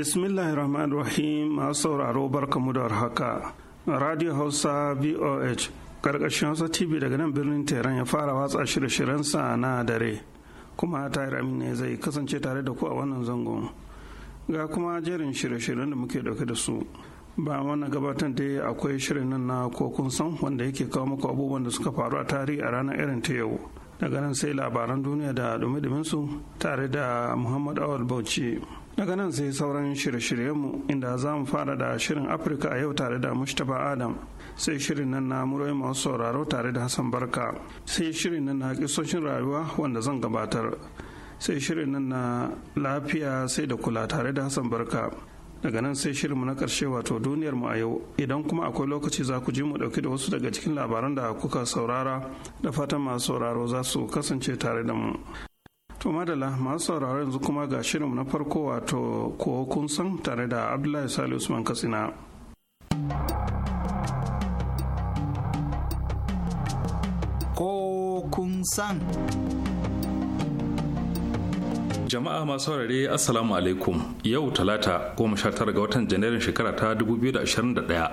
bismillahir rahmanir rahim masu sauraro barkamu da haka radio hausa voh karkashin hausa tv daga nan birnin tehran ya fara watsa shirye-shiryensa na dare kuma tahir ne zai kasance tare da ku a wannan zangon ga kuma jerin shirye-shiryen da muke dauke da su ba wani gabatar da akwai shirin nan na ko san wanda yake kawo muku abubuwan da suka faru a tarihi a ranar irin ta yau daga nan sai labaran duniya da dumi su tare da muhammad awal bauchi daga nan sai sauran shirye-shiryenmu inda za mu fara da shirin afirka a yau tare da mustapha adam sai shirin nan na murai masu sauraro tare da hassan barka sai shirin nan na kisoshin rayuwa wanda zan gabatar sai shirin nan na lafiya sai da kula tare da hassan barka daga nan sai shirinmu na karshe wato duniyar mu a yau idan kuma akwai lokaci za ku ji mu dauki da wasu daga cikin labaran da kuka saurara da fatan masu sauraro za su kasance tare da mu to madala masu sauraro yanzu kuma ga shirinmu na farko wato ko kun san tare da abdullahi sali usman katsina ko kun san Jama'a masu saurare Assalamu alaikum yau talata goma sha tara ga watan janairun shekara ta 2021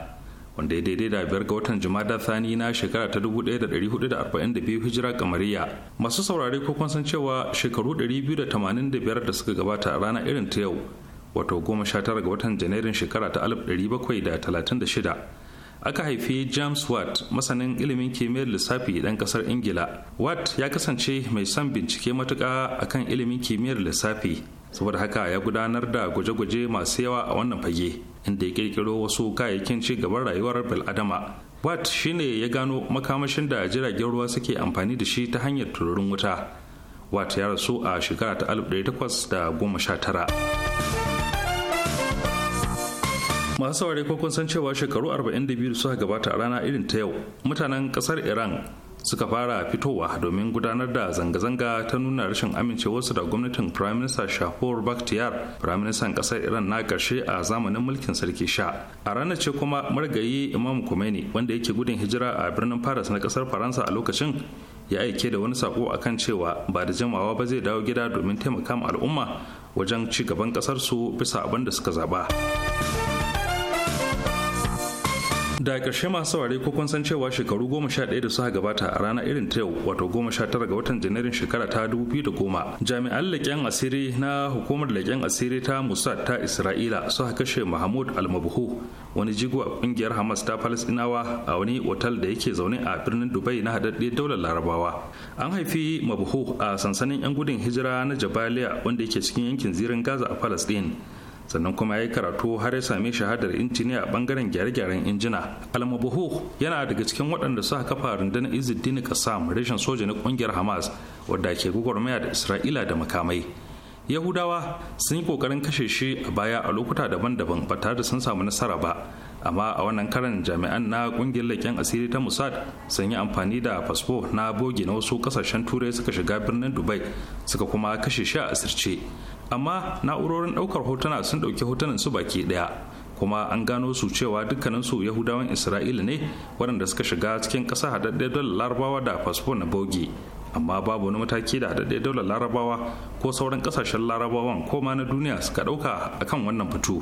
wanda ya daidai da biyar ga watan da thani na shekara ta 1442 hijira kamariya masu saurare ko kun san cewa shekaru 285 da suka gabata a rana irin ta yau wato goma sha tara ga watan janairun shekara ta 1736 aka haifi james watt masanin ilimin kimiyyar lissafi ɗan ƙasar ingila watt ya kasance mai son bincike matuka akan ilimin kimiyyar lissafi saboda haka ya gudanar da gwaje-gwaje masu yawa a wannan fage inda ya kirkiro wasu kayayyakin ci gaban rayuwar bil'adama watt shine ya gano makamashin da jiragen ruwa suke amfani da shi ta hanyar tururin wuta watt ya rasu a shekara ta 1819 masu saurare ko kun san cewa shekaru 42 da suka gabata a rana irin ta yau mutanen kasar iran suka fara fitowa domin gudanar da zanga-zanga ta nuna rashin amincewarsu da gwamnatin prime minister shahor bakhtiyar prime minister kasar iran na karshe a zamanin mulkin sarki sha a ranar ce kuma margayi imam khomeini wanda yake gudun hijira a birnin paris na kasar faransa a lokacin ya aike da wani sako a kan cewa ba da jimawa ba zai dawo gida domin taimaka al'umma wajen ci gaban kasar su bisa abin da suka zaba. da ƙarshe masu saurari ko kun san cewa shekaru goma sha ɗaya da suka gabata a ranar irin ta yau wato goma sha tara ga watan janairun shekara ta dubu biyu da goma jami'an leƙen asiri na hukumar leƙen asiri ta musad ta isra'ila suka kashe mahmud almabuhu wani jigo a ƙungiyar hamas ta falasɗinawa a wani otal da yake zaune a birnin dubai na haɗaɗɗiyar daular larabawa an haifi mabuhu a sansanin 'yan gudun hijira na jabaliya wanda yake cikin yankin zirin gaza a falasɗin sannan kuma ya yi karatu har ya sami shahadar injiniya a bangaren gyare-gyaren injina almabuhu yana daga cikin waɗanda suka kafa rundunar izidini kasam reshen soja na ƙungiyar hamas wadda ke gwagwarmaya da isra'ila da makamai yahudawa sun yi ƙoƙarin kashe shi a baya a lokuta daban-daban ba tare da sun samu nasara ba amma a wannan karan jami'an na ƙungiyar leƙen asiri ta musad sun yi amfani da fasfo na bogi na wasu kasashen turai suka shiga birnin dubai suka kuma kashe shi a asirce amma na'urorin ɗaukar hotuna sun ɗauki hotunan su baki ɗaya kuma an gano su cewa dukkaninsu yahudawan isra'ila ne waɗanda suka shiga cikin ƙasa haɗaɗɗen dole larabawa da fasfo na bogi amma babu wani mataki da haɗaɗɗen dole larabawa ko sauran ƙasashen larabawan ko ma na duniya suka ɗauka akan wannan fito.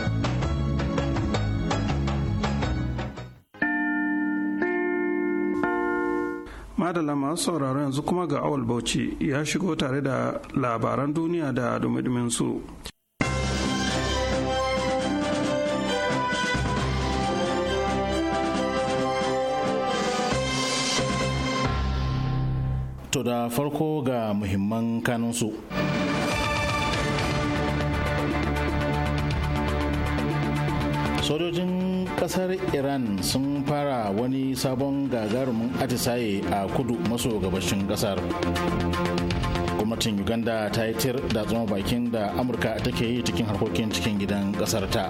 madala masu sauraro yanzu kuma ga awal bauchi ya shigo tare da labaran duniya da dumidumin su. To da farko ga muhimman kanunsu. sojojin kasar iran sun fara wani sabon gagarumin atisaye a kudu maso gabashin kasar gwamnatin uganda ta yi tir da zama bakin da amurka take yi cikin harkokin cikin gidan kasar ta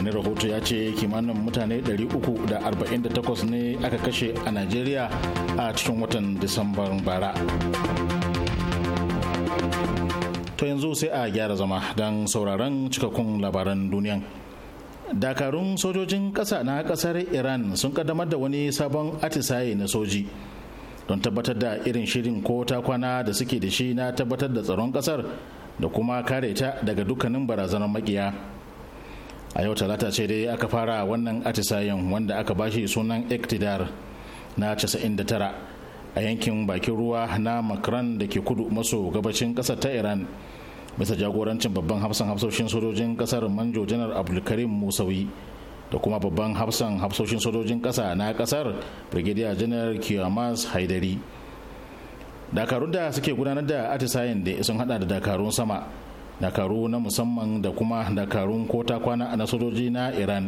wani rahoto ya ce kimanin mutane 348 ne aka kashe a najeriya a cikin watan disambar bara to yanzu sai a gyara zama don sauraron cikakkun labaran duniyan dakarun sojojin kasa na ƙasar iran sun kaddamar da wani sabon atisaye na soji don tabbatar da irin shirin ko ta kwana da suke da shi na tabbatar da tsaron ƙasar da kuma kare ta daga dukkanin barazanar makiya a yau talata ce dai aka fara wannan atisayen wanda aka bashi sunan ektidar na 99 a yankin bakin ruwa na makran da ke kudu maso gabashin ƙasar ta iran bisa jagorancin babban hafsan hafsoshin sojojin kasar manjo janar abdulkarim musawi da kuma babban hafsan hafsoshin sojojin kasa na kasar brigadier janar kiyamas haidari dakarun da suke gudanar da atisayen da sun hada da dakarun sama dakaru na musamman da kuma dakarun kota kwana na sojoji na iran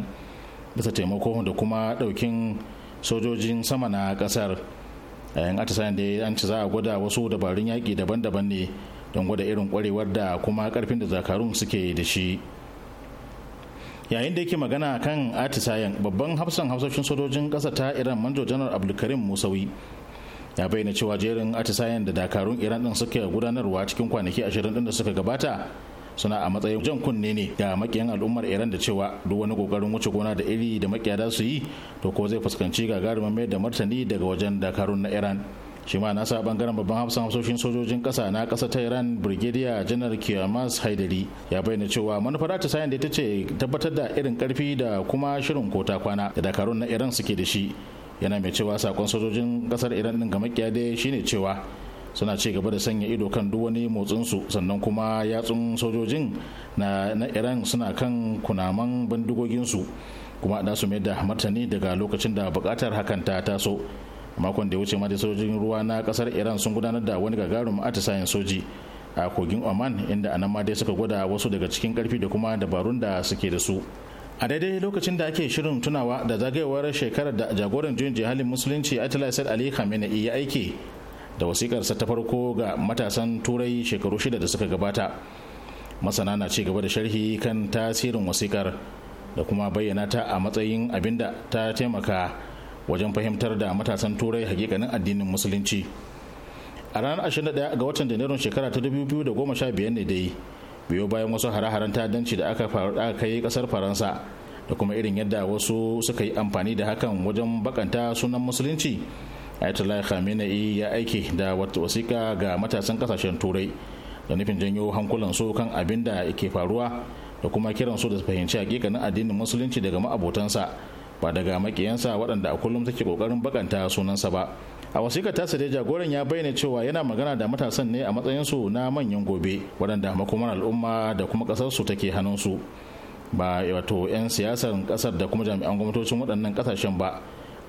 bisa taimako da kuma daukin sojojin sama na kasar yan atisayen da an ci za a gwada wasu dabarun yaki daban-daban ne don gwada irin kwarewar da kuma karfin da zakarun suke da shi yayin da yake magana kan atisayen babban hafsan hafsoshin sojojin kasa ta iran manjo janar abdulkarim musawi ya bayyana cewa jerin atisayen da dakarun iran din suke gudanarwa cikin kwanaki ashirin din da suka gabata suna a matsayin jan kunne ne ga makiyan al'ummar iran da cewa duk wani kokarin wuce gona da iri da makiya su yi to ko zai fuskanci gagarumin mai da martani daga wajen dakarun na iran shi ma nasa bangaren babban hafsan hafsoshin sojojin kasa na kasa ta iran brigadier janar kiyamas haidari ya bayyana cewa manufar ta sayan da ita ce tabbatar da irin karfi da kuma shirin kota kwana da dakarun na iran suke da shi yana mai cewa sakon sojojin kasar iran din ga makiya dai shine cewa suna ci gaba da sanya ido kan duk wani motsin su sannan kuma yatsun sojojin na iran suna kan kunaman su kuma da su mai da martani daga lokacin da bukatar hakan ta taso makon da ya wuce ma da sojojin ruwa na kasar iran sun gudanar da wani gagarumin atisayen soji a kogin oman inda anan ma dai suka gwada wasu daga cikin karfi da kuma dabarun da suke da su a daidai lokacin da ake shirin tunawa da zagayowar shekarar da jagoran juyin jihalin musulunci atila said ali khamenei ya aike da wasikarsa ta farko ga matasan turai shekaru shida da suka gabata masana na ci gaba da sharhi kan tasirin wasikar da kuma bayyana ta a matsayin abinda ta taimaka wajen fahimtar da matasan turai hakikanin addinin musulunci a ranar 21 ga watan janairun shekara ta 2015 ne dai biyo bayan wasu hare-haren ta'addanci da aka kai kasar faransa da kuma irin yadda wasu suka yi amfani da hakan wajen bakanta sunan musulunci ayatollah khamenei ya aiki da wata wasiƙa ga matasan kasashen turai da nufin janyo hankulan su kan abin da ke faruwa da kuma kiran su da fahimci hakikanin addinin musulunci daga ma'abotansa ba daga makiyansa waɗanda a kullum take kokarin bakanta sunansa ba a wasikar ta jagoran ya bayyana cewa yana magana da matasan ne a matsayinsu na manyan gobe waɗanda makomar al'umma da kuma ƙasarsu take hannunsu ba wato 'yan siyasar ƙasar da kuma jami'an gwamnatocin waɗannan ƙasashen ba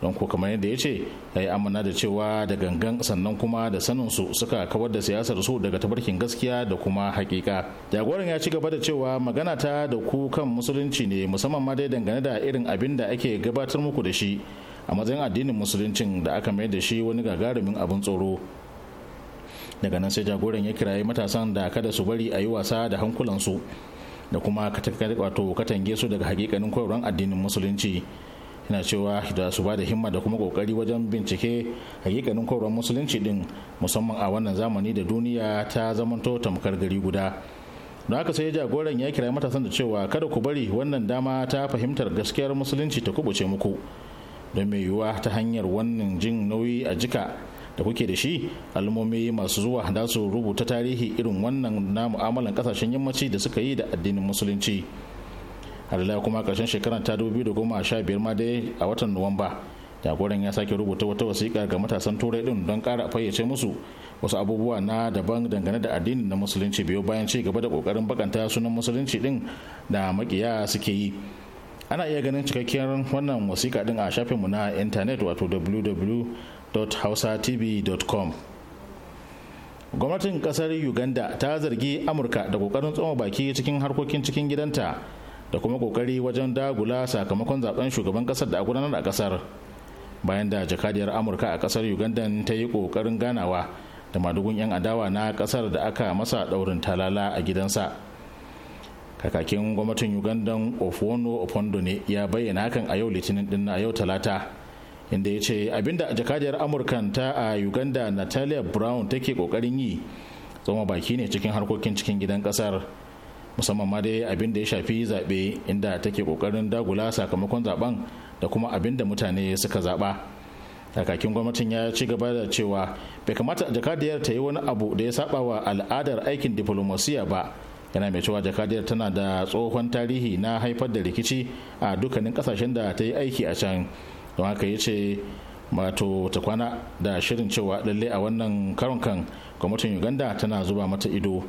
don ko kamar yadda ya ce ya yi amana da cewa da gangan sannan kuma da sanin su suka kawar da siyasar su daga tabarkin gaskiya da kuma hakika jagoran ya ci gaba da cewa magana ta da ku kan musulunci ne musamman ma dai dangane da irin abin da ake gabatar muku da shi a matsayin addinin musuluncin da aka mayar da shi wani gagarumin abin tsoro daga nan sai jagoran ya kiraye matasan da kada su bari a yi wasa da hankulansu da kuma wato katange su daga hakikanin koyarwar addinin musulunci yana cewa da su ba da himma da kuma kokari wajen bincike hakikanin koron musulunci din musamman a wannan zamani da duniya ta zamanto tamkar gari guda don haka sai jagoran ya kira matasan da cewa kada ku bari wannan dama ta fahimtar gaskiyar musulunci ta kubuce muku don mai yiwuwa ta hanyar wannan jin nauyi a jika da kuke da shi al'ummomi masu zuwa da su rubuta tarihi irin wannan na mu'amalan kasashen yammaci da suka yi da addinin musulunci har kuma karshen shekarar ta da goma sha biyar ma dai a watan nuwamba jagoran ya sake rubuta wata wasiƙa ga matasan turai din don ƙara fayyace musu wasu abubuwa na daban dangane da addinin na musulunci biyu bayan ci gaba da ƙoƙarin bakanta sunan musulunci din da makiya suke yi ana iya ganin cikakkiyar wannan wasiƙa din a shafinmu na intanet wato www.hausatv.com gwamnatin kasar uganda ta zargi amurka da ƙoƙarin tsoma baki cikin harkokin cikin gidanta da kuma kokari wajen dagula sakamakon zaben shugaban kasar da a gudanar a kasar bayan da jakadiyar amurka a kasar uganda ta yi kokarin ganawa da madugun 'yan adawa na kasar da aka masa daurin talala a gidansa kakakin gwamnatin uganda ofono opondo ne ya bayyana hakan a yau litinin din a yau talata inda ya ce abinda jakadiyar amurkan ta a uganda natalia brown take kokarin yi tsoma baki ne cikin harkokin cikin gidan kasar musamman ma dai abin da ya shafi zaɓe inda take ƙoƙarin dagula sakamakon zaɓen da kuma abin da mutane suka zaɓa kakakin gwamnatin ya ci gaba da cewa bai kamata jakadiyar ta yi wani abu da ya saba wa al'adar aikin diplomasiya ba yana mai cewa jakadiyar tana da tsohon tarihi na haifar da rikici a dukkanin kasashen da ta yi aiki a can don haka ya ce wato ta kwana da shirin cewa lalle a wannan karon kan gwamnatin uganda tana zuba mata ido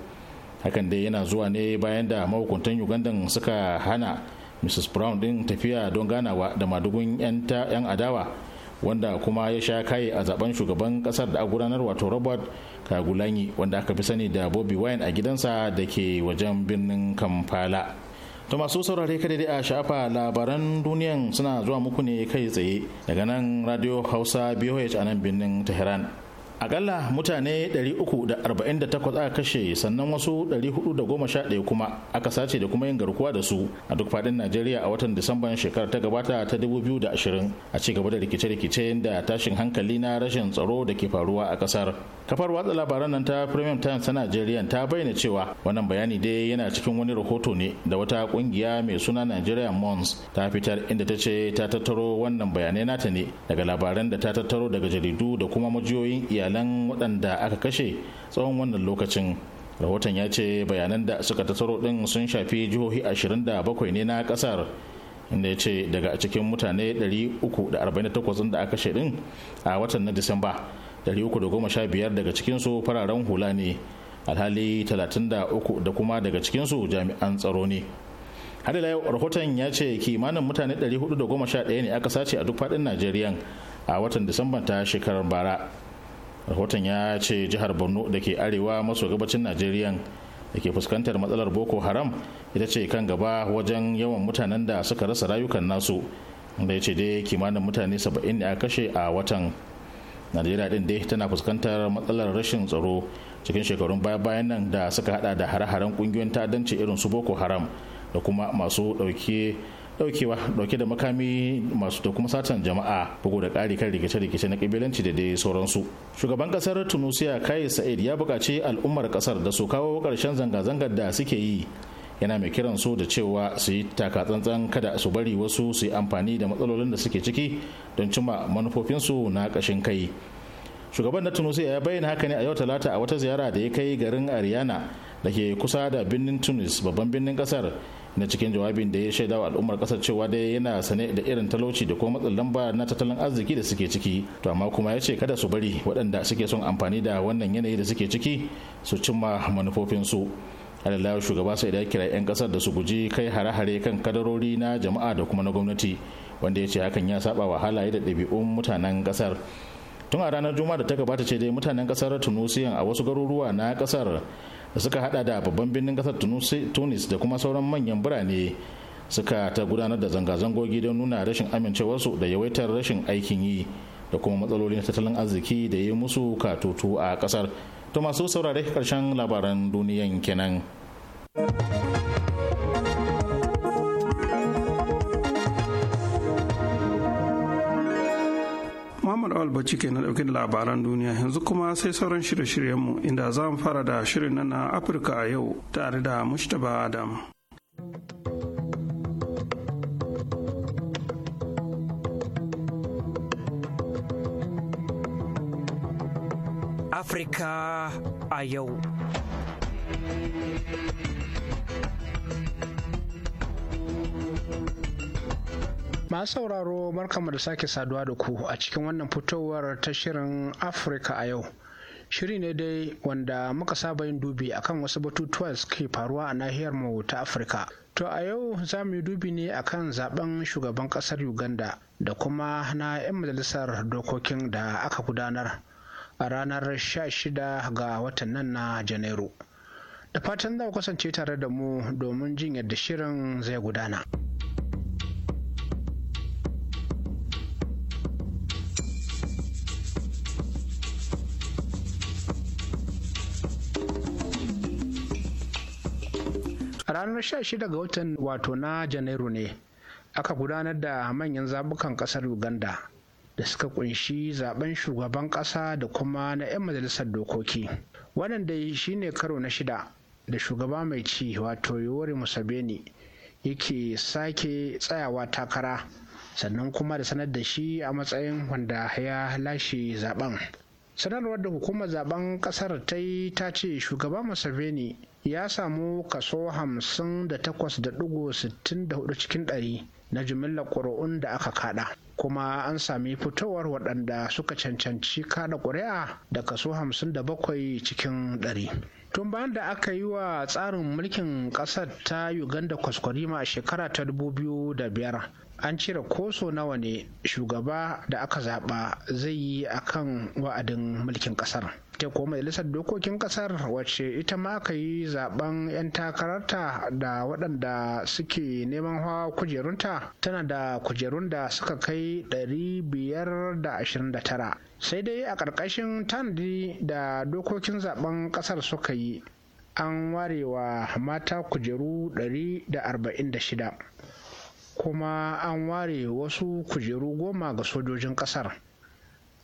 hakan dai yana zuwa ne bayan da mahukuntan ugandan suka hana mrs brown din tafiya don ganawa da madugun 'yan adawa wanda kuma ya sha kaye a zaben shugaban kasar da a gudanar wato robert kagulanyi wanda aka fi sani da bobby wine a gidansa da ke wajen birnin kampala ta masu saurare kada dai a shafa labaran duniyan suna zuwa muku ne kai tsaye daga nan radio hausa boh a nan birnin tehran akalla mutane 348 aka kashe sannan wasu 411 kuma aka sace da kuma yin garkuwa da su a duk fadin najeriya a watan disamban shekarar ta gabata ta 2020 a ci gaba da rikice-rikice da tashin hankali na rashin tsaro da ke faruwa a kasar kafar watsa labaran nan ta premium times ta najeriya ta bayyana cewa wannan bayani dai yana cikin wani rahoto ne da wata kungiya mai suna nigeria mons ta fitar inda ta ce ta tattaro wannan bayanai nata ne daga labaran da ta tattaro daga jaridu da kuma majiyoyin iyali. iyalan waɗanda aka kashe tsawon wannan lokacin rahoton ya ce bayanan da suka tattaro ɗin sun shafi jihohi 27 ne na ƙasar inda ya ce daga cikin mutane 348 da aka kashe ɗin a watan na disamba 315 daga cikinsu fararen hula ne alhali 33 da kuma daga cikinsu jami'an tsaro ne har ila yau rahoton ya ce kimanin mutane 411 ne aka sace a duk faɗin najeriya a watan disamba ta shekarar bara rahoton ya ce jihar borno da ke arewa maso gabacin najeriya da ke fuskantar matsalar boko haram ita ce kan gaba wajen yawan mutanen da suka rasa rayukan nasu da ya ce dai kimanin mutane saba'in ne a kashe a watan najeriya din dai tana fuskantar matsalar rashin tsaro cikin shekarun baya-bayan nan da suka hada da hare-haren kungiyoyin ta'addanci irin su boko haram da kuma masu dauke daukewa dauke da makami masu da kuma satan jama'a bugu da kari kan rikice-rikice na kabilanci da dai sauransu shugaban kasar tunisia kai sa'id ya bukaci al'ummar kasar da su kawo ƙarshen zanga-zangar da suke yi yana mai kiran su da cewa su yi takatsantsan kada su bari wasu su yi amfani da matsalolin da suke ciki don cimma manufofinsu na kashin kai shugaban na tunisia ya bayyana haka ne a yau talata a wata ziyara da ya kai garin ariana da ke kusa da birnin tunis babban birnin kasar na cikin jawabin da ya shaidawa al'ummar kasar cewa dai yana sane da irin talauci da kuma matsin lamba na tattalin arziki da suke ciki to amma kuma ya ce kada su bari waɗanda suke son amfani da wannan yanayi da suke ciki su cimma manufofinsu alalawa shugaba sai da kira 'yan kasar da su guji kai hare-hare kan kadarori na jama'a da kuma na gwamnati wanda ya ce hakan ya saba wa halaye da ɗabi'un mutanen kasar tun a ranar juma'a da ta gabata ce dai mutanen kasar tunusiyan a wasu garuruwa na kasar da suka hada da babban birnin kasar tunis da kuma sauran manyan birane suka ta gudanar da zanga-zangogi don nuna rashin amincewarsu da yawaitar rashin aikin yi da kuma matsalolin tattalin arziki da ya musu katutu a kasar to masu saurare karshen labaran duniyan kenan. Muhammadu Albaci ke na ɗauke labaran duniya yanzu kuma sai sauran shirye-shiryenmu inda za mu fara da shirin nan na Afirka a yau tare da Mustapha Adam. Afirka a yau. thank you masu sauraro barkamu da sake saduwa da ku a cikin wannan fitowar ta shirin afirka a yau shiri ne dai wanda muka saba yin dubi akan wasu batutuwa suke faruwa a nahiyar mu ta afirka to a yau za mu yi dubi ne akan zaben shugaban kasar uganda da kuma na 'yan majalisar dokokin da aka gudanar a ranar 16 ga watan nan na janairu da fatan za ku kasance tare da mu domin jin yadda shirin zai gudana. ranar 16 ga watan wato na janairu ne aka gudanar da manyan zabukan kasar uganda da suka kunshi zaben shugaban kasa da kuma na 'yan majalisar dokoki wannan dai shine karo na shida da shugaba mai ci wato yori museveni yake sake tsayawa takara sannan kuma da sanar da shi a matsayin wanda ya lashe zaben sanarwar da hukumar zaben kasar ta yi ta ce shugaban museveni ya samu kaso 58.64 cikin ɗari na jimillar ƙuri'un da aka kada kuma an sami fitowar waɗanda suka cancanci kada ƙuri'a da kaso 57 cikin ɗari. tun bayan da aka yi wa tsarin mulkin ƙasar ta uganda kwaskwarima a shekara ta 2005 an cire koso nawa ne shugaba da aka zaɓa zai yi akan wa'adin mulkin ƙasar ita kuwa majalisar dokokin kasar wacce ita ma aka yi zaben 'yan takararta da waɗanda suke neman hawa kujerunta tana da kujerun da suka kai 529 sai dai a ƙarƙashin tanadi da dokokin zaben ƙasar suka yi an warewa mata kujeru 146 kuma an ware wasu kujeru goma ga sojojin ƙasar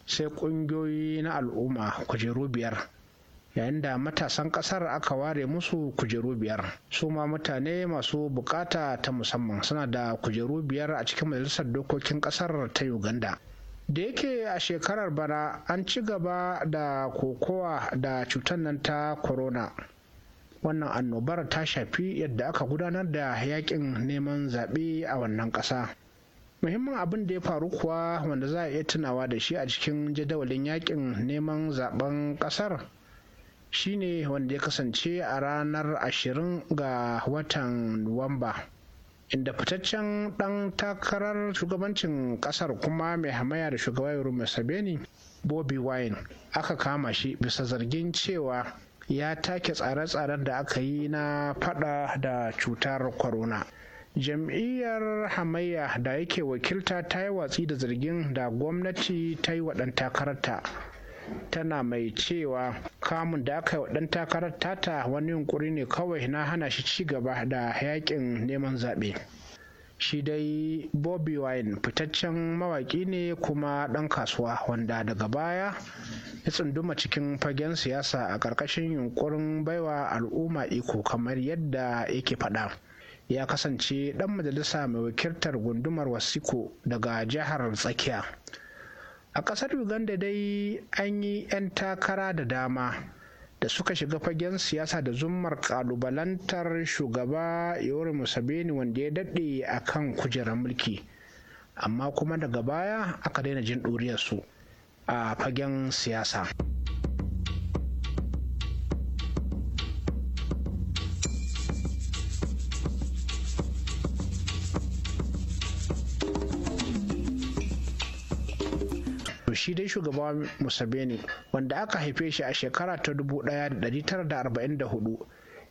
sai ƙungiyoyi na al'umma kujeru biyar yayin da matasan ƙasar aka ware musu kujeru biyar su ma mutane masu bukata ta musamman suna da kujeru biyar a cikin majalisar dokokin ƙasar ta uganda da yake a shekarar bara an ci gaba da kokowa da cutar nan ta corona wannan annobar ta shafi yadda aka gudanar da yakin neman zaɓe a wannan ƙasa Muhimman abin da ya faru kuwa wanda za a iya tunawa da shi a cikin jadawalin yakin neman zaben kasar shine wanda ya kasance a ranar ashirin ga watan nuwamba inda fitaccen dan takarar shugabancin kasar kuma mai hamaya da shugaba yaro museveni bobi wine aka kama shi bisa zargin cewa ya take tsare-tsaren da aka yi na fada da cutar corona jam'iyyar hamayya da yake wakilta ta yi watsi da zargin da gwamnati ta yi wa takararta tana mai cewa kamun da aka yi wa ɗan takarar tata wani yunkuri ne kawai na hana shi ci gaba da yakin neman zaɓe shi dai bobby wine fitaccen mawaƙi ne kuma ɗan kasuwa wanda daga baya ya tsunduma cikin fagen siyasa a ƙarƙashin yunkurin baiwa al'umma iko kamar yadda yake faɗa. ya kasance ɗan majalisa mai wakiltar gundumar wasiko daga jihar tsakiya a ƙasar uganda dai an yi 'yan takara da dama da suka shiga fagen siyasa da zummar ƙalubalantar shugaba yori museveni wanda ya daɗe a kan kujerar mulki amma kuma daga baya aka daina jin ɗuriyarsu a fagen siyasa. shi dai shugaba museveni wanda aka haife shi a shekara ta 1944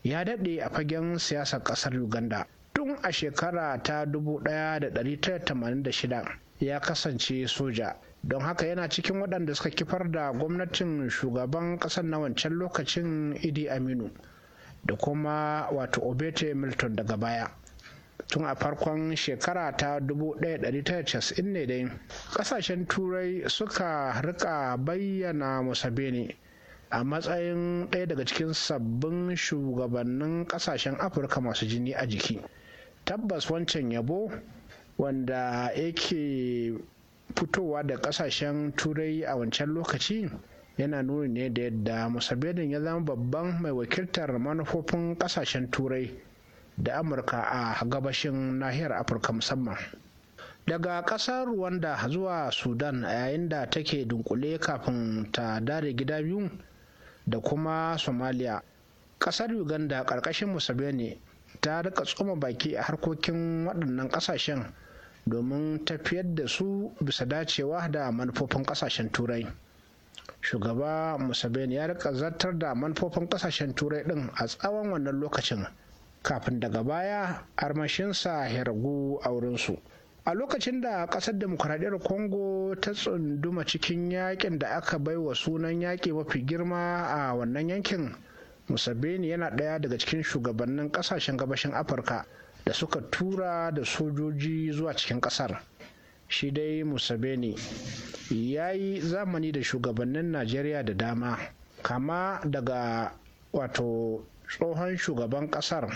ya daɗe a fagen siyasar ƙasar uganda tun a shekara ta 1986 ya kasance soja don haka yana cikin waɗanda suka kifar da gwamnatin shugaban ƙasar na wancan lokacin idi aminu da kuma wato obete milton daga baya tun a farkon shekara ta 1990 ne dai kasashen turai suka rika bayyana musabini a matsayin ɗaya daga cikin sabbin shugabannin kasashen afirka masu jini a jiki tabbas wancan yabo wanda yake fitowa da kasashen turai a wancan lokaci yana nuni ne da yadda musabenin ya zama babban mai wakiltar manufofin kasashen turai da amurka a gabashin nahiyar afirka musamman daga kasar rwanda zuwa sudan a yayin da take dunkule kafin ta dare gida biyu da kuma somalia kasar uganda karkashin museveni ta rika tsoma baki a harkokin waɗannan ƙasashen domin tafiyar da su bisa dacewa da manufofin ƙasashen turai shugaba museveni ya rika zartar da manufofin ƙasashen turai ɗin a tsawon wannan lokacin kafin daga baya armashinsa ya ragu a wurinsu a lokacin da ƙasar demokuraɗiyar congo ta tsunduma cikin yakin da aka bai wa sunan yaƙi mafi girma a wannan yankin musabeni yana ɗaya daga cikin shugabannin ƙasashen gabashin afirka da suka tura da sojoji zuwa cikin ƙasar shi dai musabeni ya yi zamani da shugabannin najeriya da dama kama daga wato tsohon shugaban ƙasar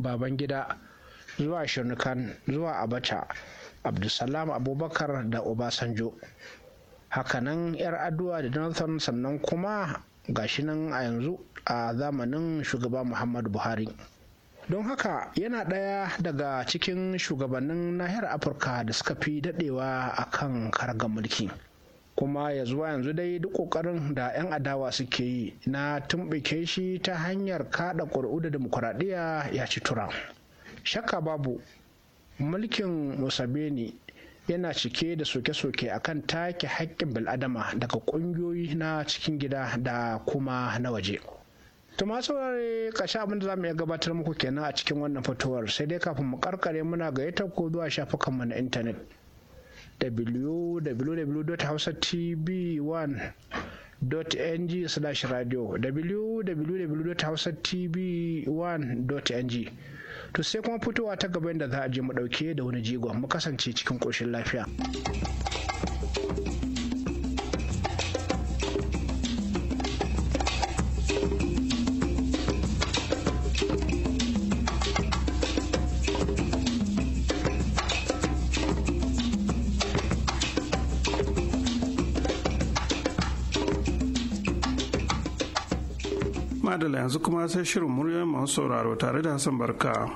babangida zuwa shirnukan zuwa abacha abdulsalam abubakar da obasanjo hakanan yar addu'a da jonathan sannan kuma gashi nan a yanzu a zamanin shugaba muhammadu buhari don haka yana ɗaya daga cikin shugabannin nahiyar afirka da suka fi daɗewa a kan mulki kuma ya zuwa yanzu dai duk kokarin da 'yan adawa suke yi na tumbike shi ta hanyar kada ƙuri'u da demokuraɗiyya ya ci tura shakka babu mulkin musabeni yana cike da soke-soke akan take haƙƙin bil'adama daga ƙungiyoyi na cikin gida da kuma na waje. tuma ma saurare kashe abin da za mu iya gabatar muku kenan a cikin wannan fitowar sai dai kafin mu karkare muna gayyata ko zuwa shafukanmu na intanet www.hausatv1.ng slash radio www.hausatv1.ng to sai kuma fitowa ta gaba da za a je mu dauke da wani jigon mu kasance cikin koshin lafiya madala yanzu kuma sai shirin muryoyin masu sauraro tare da hassan barka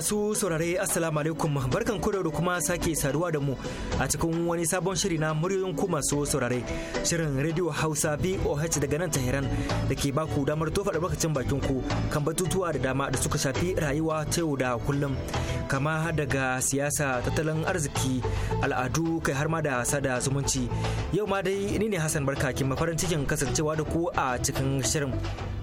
masu saurare assalamu alaikum barkan ku da kuma sake saduwa da mu a cikin wani sabon shiri na muryoyin ku masu saurare shirin radio hausa boh daga nan tahiran da ke baku damar tofa da bakacin bakin ku kan batutuwa da dama da suka shafi rayuwa ta yau da kullum kama daga siyasa tattalin arziki al'adu kai har ma da sada zumunci yau ma dai ni ne hassan barka kin mafarin cikin kasancewa da ku a cikin shirin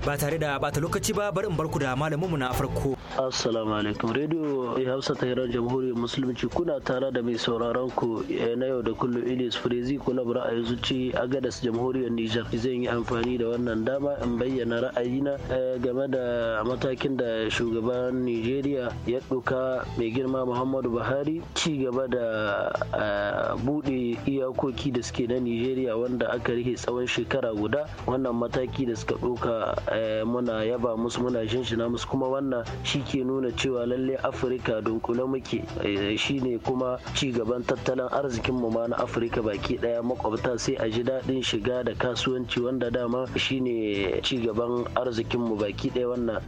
ba tare da bata lokaci ba bari in barku da mu na farko assalamu alaikum radio hausa ta hirar jamhuriyar musulunci kuna tare da mai sauraron ku eh, na yau da kullum ilis frezi ko bura a zuci a gadas jamhuriyar nijar zan yi amfani da wannan dama in bayyana ra'ayina eh, game da matakin da shugaban nigeria ya ɗauka mai girma muhammadu buhari ci gaba da bude iyakoki da suke na nigeria wanda aka rike tsawon shekara guda wannan mataki da suka ɗauka muna yaba musu muna shinshina musu kuma wannan shi ke nuna cewa lalle afirka dunkule muke shine kuma ci gaban tattalin arzikin mu ma na afirka baki daya makwabta sai a ji daɗin shiga da kasuwanci wanda dama shine ci gaban arzikin mu baki daya wannan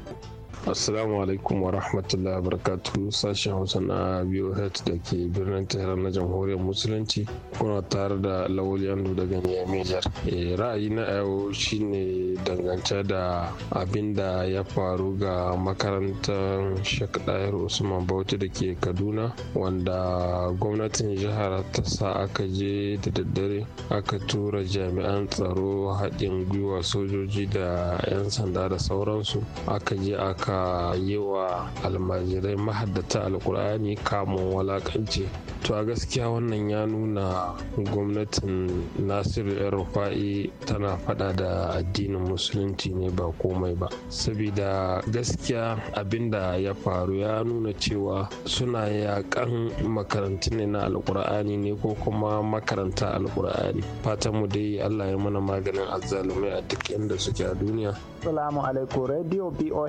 Assalamu alaikum wa rahmatullahi wa barakatuhu sashen Hausa na BioHealth da ke birnin Tehran na Jamhuriyar Musulunci kuna tare da Lawali Andu daga Nijar. Eh, ra'ayi na yau shine dangance da abin da ya faru ga makarantar Sheikh Usman Bauchi da ke Kaduna wanda gwamnatin jihar ta sa aka je da daddare aka tura jami'an tsaro haɗin gwiwa sojoji da 'yan sanda da sauransu aka je aka yi wa almajirai mahaddata alkur'ani kamun walakanci to a gaskiya wannan ya nuna gwamnatin nasiru yan rufa'i tana fada da addinin musulunci ne ba komai ba saboda gaskiya abinda ya faru ya nuna cewa suna yakan makarantun ne na alkur'ani ne ko kuma makaranta alkur'ani fatan mu dai allah ya mana maganin azzalumai a duk inda suke a duniya salamu alaikum radio boh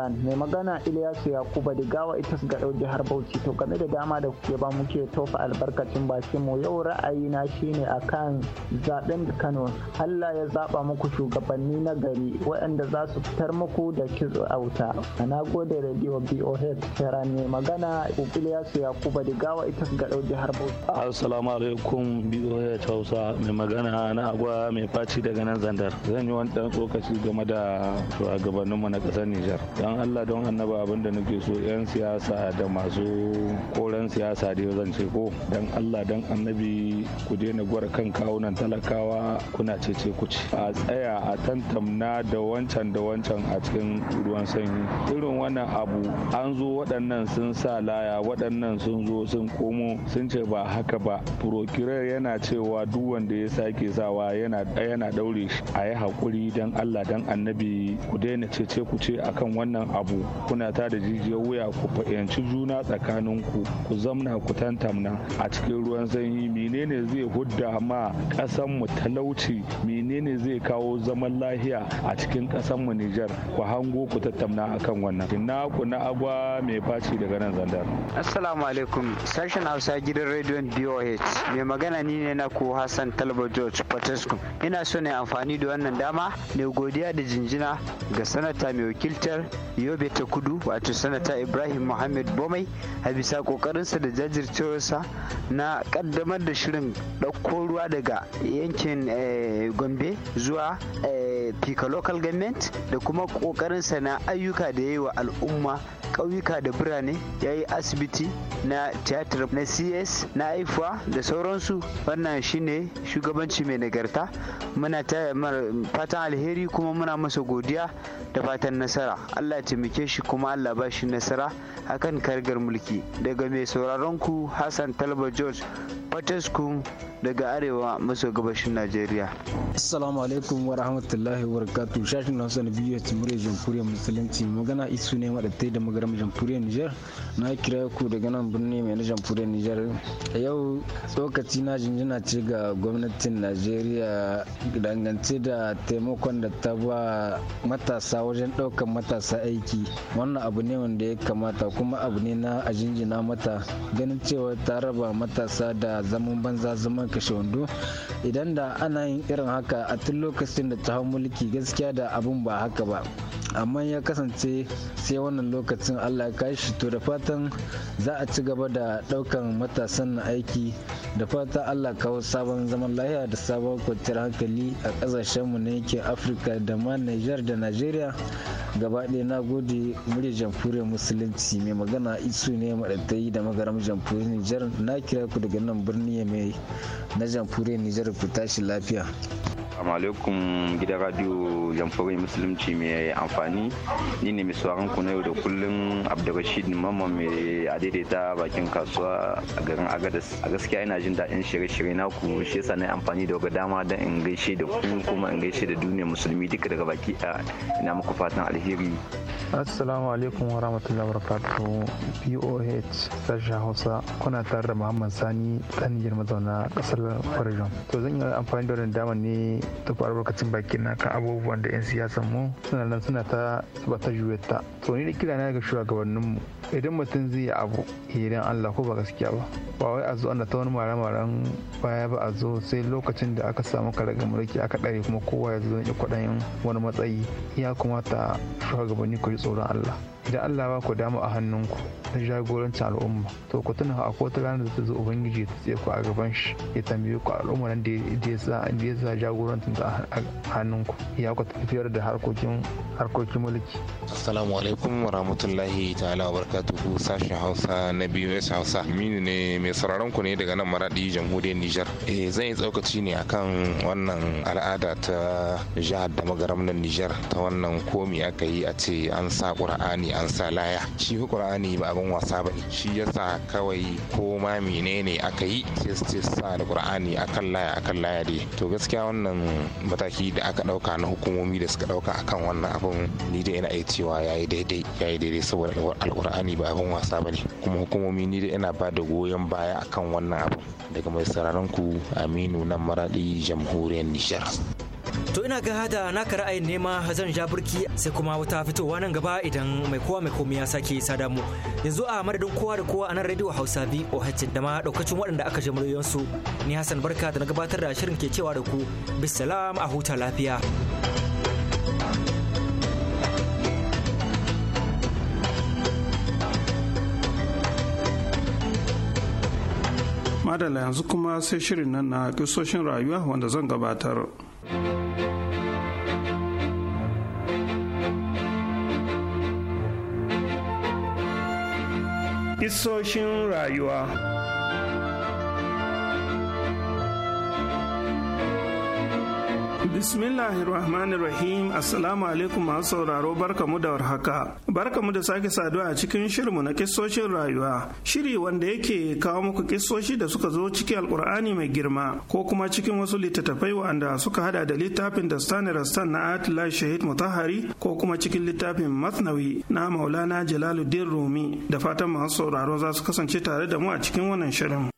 Iran mai magana Ilyasu Yakuba gawa ita ga ɗau jihar Bauchi to game da dama da kuke ba muke tofa albarkacin bakin mu yau ra'ayi na shine akan zaben da Kano Allah ya zaba muku shugabanni na gari waɗanda za su fitar muku da kitso a wuta a gode radio BOH Tehran mai magana Ilyasu Yakuba gawa ita ga ɗau jihar Bauchi Assalamu alaikum BOH Hausa mai magana na agwa mai faci daga nan Zandar zan yi wani dan tsokaci game da shugabanninmu na ƙasar Nijar don allah don annaba abin da nake so 'yan siyasa da masu koren siyasa da zan ce ko don allah don annabi ku daina gwar kan kawunan talakawa kuna cece ku ci a tsaya a tantamna da wancan da wancan a cikin ruwan sanyi irin wannan abu an zo waɗannan sun sa laya waɗannan sun zo sun komo sun ce ba haka ba prokirar yana cewa duk wanda ya sake sawa yana daure shi a yi haƙuri don allah don annabi ku daina cece ku ce akan wannan wannan abu kuna ta da jijiyar wuya ku fahimci juna tsakanin ku ku zamna ku tantamna a cikin ruwan sanyi menene zai hudda ma ƙasan mu talauci menene zai kawo zaman lahiya a cikin ƙasan mu Nijar ku hango ku tattauna akan wannan ina ku na agwa mai faci daga nan zandar assalamu alaikum sashen Hausa gidan rediyon DOH mai magana ni ne na ku Hassan Talba George Patescu ina so ne amfani da wannan dama ne godiya da jinjina ga sanata mai wakiltar yobe ta kudu wato sanata ibrahim muhammad bomai a bisa kokarinsa da jajircewarsa na kaddamar da shirin ɗauko ruwa daga yankin eh, gombe zuwa pika eh, local government da kuma kokarinsa na ayyuka da ya yi wa al'umma ƙauyuka da birane ya yi asibiti na tiyatar na cs na haifuwa da sauransu wannan shine shugabanci mai nagarta muna fatan alheri kuma muna masa godiya da fatan nasara allah taimake shi kuma Allah ba shi nasara akan kargar mulki daga mai sauraron ku Hassan Talba George Patescu daga arewa maso gabashin Najeriya. Assalamu alaikum wa rahmatullahi wa barakatuh. Shashin Hausa na biyu ta murya jamhuriyar musulunci magana isu ne madattai da magaram jamhuriyar Nijar na kira ku daga nan birni mai na jamhuriyar Nijar. A yau tsokaci na jinjina ce ga gwamnatin Najeriya dangance da taimakon da ta ba matasa wajen ɗaukar matasa aiki wannan abu ne wanda ya kamata kuma abu ne na a jinjina mata ganin cewa ta raba matasa da zaman banza zaman kashe wando idan da ana yin irin haka a tun lokacin da ta hau mulki gaskiya da abun ba haka ba amma ya kasance sai wannan lokacin allah ya kashi to da fatan za a ci gaba da daukan matasan na aiki da fatan allah kawo sabon zaman lahiya da sabon kwanciyar hankali a kasashenmu na yankin afirka da ma niger da nigeria gaba ɗaya na gode murya jamhuriyar musulunci mai magana isu ne maɗaɗai da magaram jamhuriyar nijar na kira ku daga nan birni mai na jamhuriyar nijar ku tashi lafiya assalamu alaikum gidan radio jamfuri musulunci mai amfani ni ne mai ku na yau da kullum abdurrashid mamma mai adaidaita bakin kasuwa a garin agadas a gaskiya ina jin daɗin shirye-shirye na ku shi yasa na amfani da wata dama don in gaishe da ku kuma in gaishe da duniyar musulmi duka daga baki a ina muku fatan alheri assalamu alaikum wa rahmatullahi wa barakatuhu boh sashen hausa kuna tare da muhammad sani ɗan girma zauna ƙasar to zan yi amfani da wannan dama ne ta faru lokacin bakin na kan abubuwan da 'yan siyasan mu suna nan suna ta ta juyatta to ni da kira na ga shugabannin mu idan mutum zai yi abu idan eh, Allah ko ba gaskiya ba ba wai a zo ana ta wani mare-maren baya ba a zo sai lokacin da aka samu ga mulki aka ɗare kuma kowa ya zo ya kwaɗayin wani matsayi ya kamata shugabanni ku yi tsoron Allah da Allah ba ku damu a hannunku ta jagorancin al'umma to ku tuna a ko ta ranar da ta zo ubangiji ta tsaye ku a gaban shi ya tambaye ku al'umma nan da ya sa jagorancin ta a hannunku ya ku tafiyar da harkokin harkokin mulki assalamu alaikum wa rahmatullahi ta'ala wa barakatuhu sashen hausa na biyu hausa mini ne mai sauraron ku ne daga nan maradi jamhuriyar nijar eh zan yi tsaukaci ne akan wannan al'ada ta jihar da magaramnan nijar ta wannan komi aka yi a ce an sa qur'ani an sa laya shi fi qur'ani ba abin wasa ba ne shi yasa kawai ko ma menene aka yi sai su ce sa akan laya akan laya dai to gaskiya wannan mataki da aka ɗauka na hukumomi da suka dauka akan wannan abin ni dai ina iya cewa yayi daidai yayi daidai saboda alqur'ani ba abin wasa ba ne kuma hukumomi ni dai ina ba da goyon baya akan wannan abin daga mai sauraron ku Aminu nan maraɗi jamhuriyar Nijar. To ina ga hada naka ra'ayin nema zan ja burki sai kuma wata fitowa nan gaba idan mai kowa mai komai ya sake sada mu. Yanzu a madadin kowa da kowa a nan radio Hausa bi VOH da ma daukacin waɗanda aka ji su. ni Hassan Barka da na gabatar da shirin ke cewa da ku bisalam a huta lafiya. Madalla yanzu kuma sai shirin nan na kisoshin rayuwa wanda zan gabatar. isoshin rayuwa. Bismillahirrahmanirrahim Assalamu alaikum masu sauraro barka barkamu da warhaka. mu da sake saduwa a cikin shirinmu na kisoshin rayuwa. Shiri wanda yake kawo muku kisoshi da suka zo cikin Alkur'ani mai girma ko kuma cikin wasu littattafai wanda suka hada da littafin da Stanley Rastan na Atila Shahid Mutahari ko kuma cikin littafin Masnawi na Maulana Jalaluddin Rumi da fatan masu sauraro za su kasance tare da mu a cikin wannan shirin.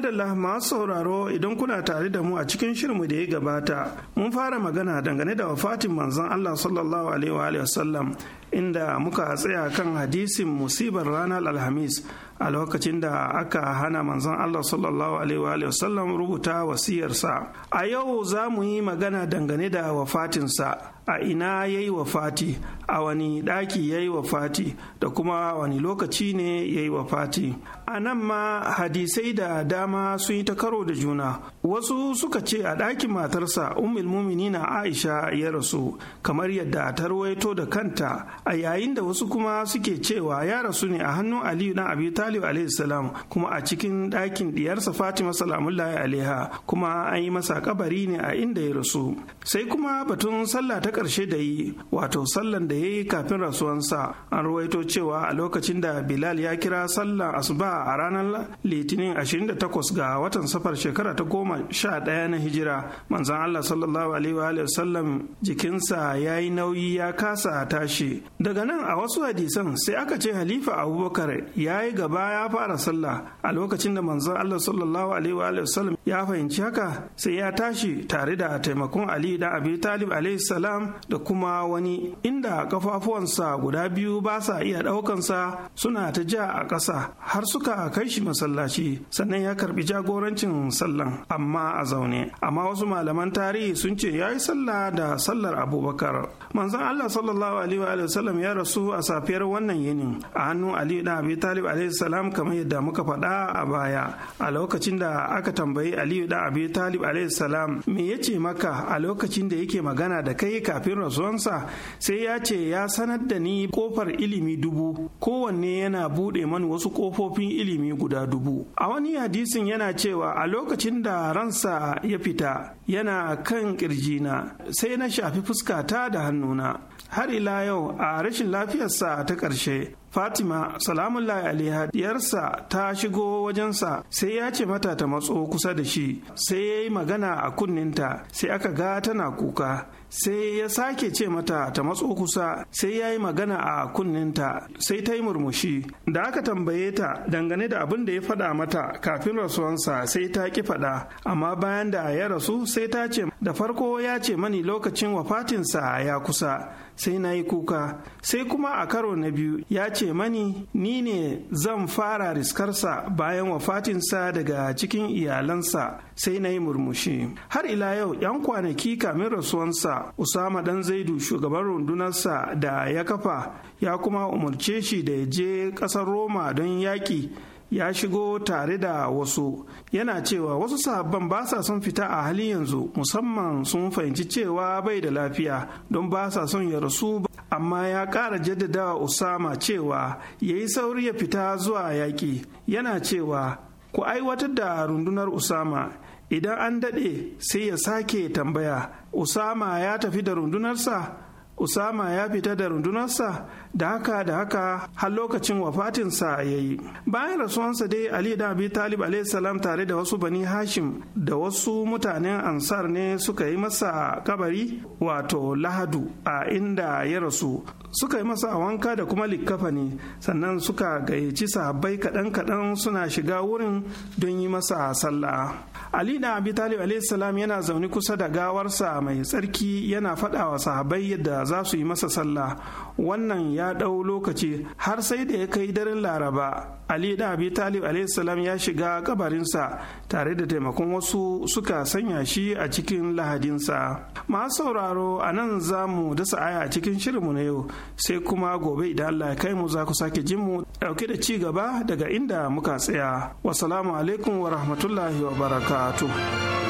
madalla masu sauraro idan kuna tare da mu a cikin shirinmu da ya gabata mun fara magana dangane da wafatin manzon Allah sallallahu alaihi wa sallam inda muka tsaya kan hadisin musibar ranar alhamis a lokacin da aka hana manzon Allah sallallahu alaihi wa sallam rubuta wasiyarsa a yau za mu yi magana dangane da wafatinsa a ina ya yi wafati a wani ɗaki ya yi wafati da kuma wani lokaci ne ya yi wafati a nan ma hadisai da dama sun yi ta karo da juna wasu suka ce a ɗakin matarsa ummul na aisha ya rasu kamar yadda ta ruwaito da kanta a yayin da wasu kuma suke cewa ya rasu ne a hannun aliyu na abi talib salam kuma a cikin ɗakin ɗiyarsa fatima salamullahi alaiha kuma an yi masa kabari ne a inda ya rasu sai kuma batun sallah ta ƙarshe da yi wato sallan da ya yi kafin rasuwansa an ruwaito cewa a lokacin da bilal ya kira sallar asuba a ranar litinin 28 ga watan safar shekara ta goma sha ɗaya na hijira manzan Allah sallallahu alaihi wa sallam jikinsa ya yi nauyi ya kasa tashi daga nan a wasu hadisan sai aka ce halifa abubakar ya yi gaba ya fara sallah a lokacin da manzan Allah sallallahu alaihi wa sallam ya fahimci haka sai ya tashi tare da taimakon Ali da Abi Talib alaihi salam da kuma wani inda kafafuwansa guda biyu ba sa iya ɗaukansa suna ta ja a ƙasa har suka kai shi masallaci sannan ya karbi jagorancin sallan a amma a zaune amma wasu malaman tarihi sun ce ya yi sallah da sallar abubakar manzon allah sallallahu alaihi wa sallam ya rasu a safiyar wannan yinin a hannun ali da abi talib alaihi salam kamar yadda muka faɗa a baya a lokacin da aka tambayi ali da abi talib alaihi salam me yace maka a lokacin da yake magana da kai kafin rasuwansa sai ya ce ya sanar da ni kofar ilimi dubu kowanne yana buɗe mani wasu kofofin ilimi guda dubu a wani hadisin yana cewa a lokacin da ransa ya fita yana kan kirjina sai na shafi fuskata da hannuna har ila yau a rashin lafiyarsa ta ƙarshe fatima salamullahi alaiha diyarsa ta shigo wajensa sai ya ce mata ta matso kusa da shi sai ya yi magana a kunninta sai aka ga tana kuka sai ya sake ce mata ta matso kusa sai ya yi magana a kunninta sai ta yi murmushi da aka tambaye ta dangane da abin da ya faɗa mata kafin rasuwansa sai ta ki faɗa amma bayan da ya rasu sai ta ce da farko ya ce mani lokacin wafatinsa ya kusa sai na yi kuka sai kuma a karo na biyu ya ce mani ni ne zan fara riskarsa bayan wafatinsa daga cikin iyalansa sai na yi murmushi har ila yau yan kwanaki kamin rasuwansa usama dan zaidu shugaban rundunarsa da ya kafa ya kuma umarce shi da ya je ƙasar roma don yaƙi ya shigo tare da wasu yana cewa wasu sahabban ba sa son fita a halin yanzu musamman sun fahimci cewa bai da lafiya don ba sa son ya rasu amma ya ƙara jaddada usama cewa ya yi sauri ya fita zuwa yaƙi yana cewa ku aiwatar da rundunar usama idan an daɗe sai ya sake tambaya usama ya tafi da rundunarsa usama ya fita da rundunarsa da haka da haka har lokacin wafatinsa ya yi bayan rasuwansa dai ali da abi talib salam tare da wasu bani hashim da wasu mutanen ansar ne suka yi masa kabari wato lahadu a inda ya rasu suka yi masa wanka da kuma likkafani sannan suka gayyaci sahabbai kaɗan-kaɗan suna shiga wurin don yi masa sallah ali da abi talib salam yana zaune kusa da gawarsa mai tsarki yana faɗa wa sahabai yadda za su yi masa sallah wannan ya ɗau lokaci har sai da ya kai daren laraba ali da abi talib salam ya shiga kabarinsa tare da taimakon wasu suka sanya shi a cikin lahadinsa masu sauraro a nan za mu dasa aya a cikin shirinmu na yau sai kuma gobe idan allah ya kai mu za ku sake jin mu ɗauke da ci gaba daga inda muka tsaya wasalamu alaikum wa rahmatullahi wa barakatuh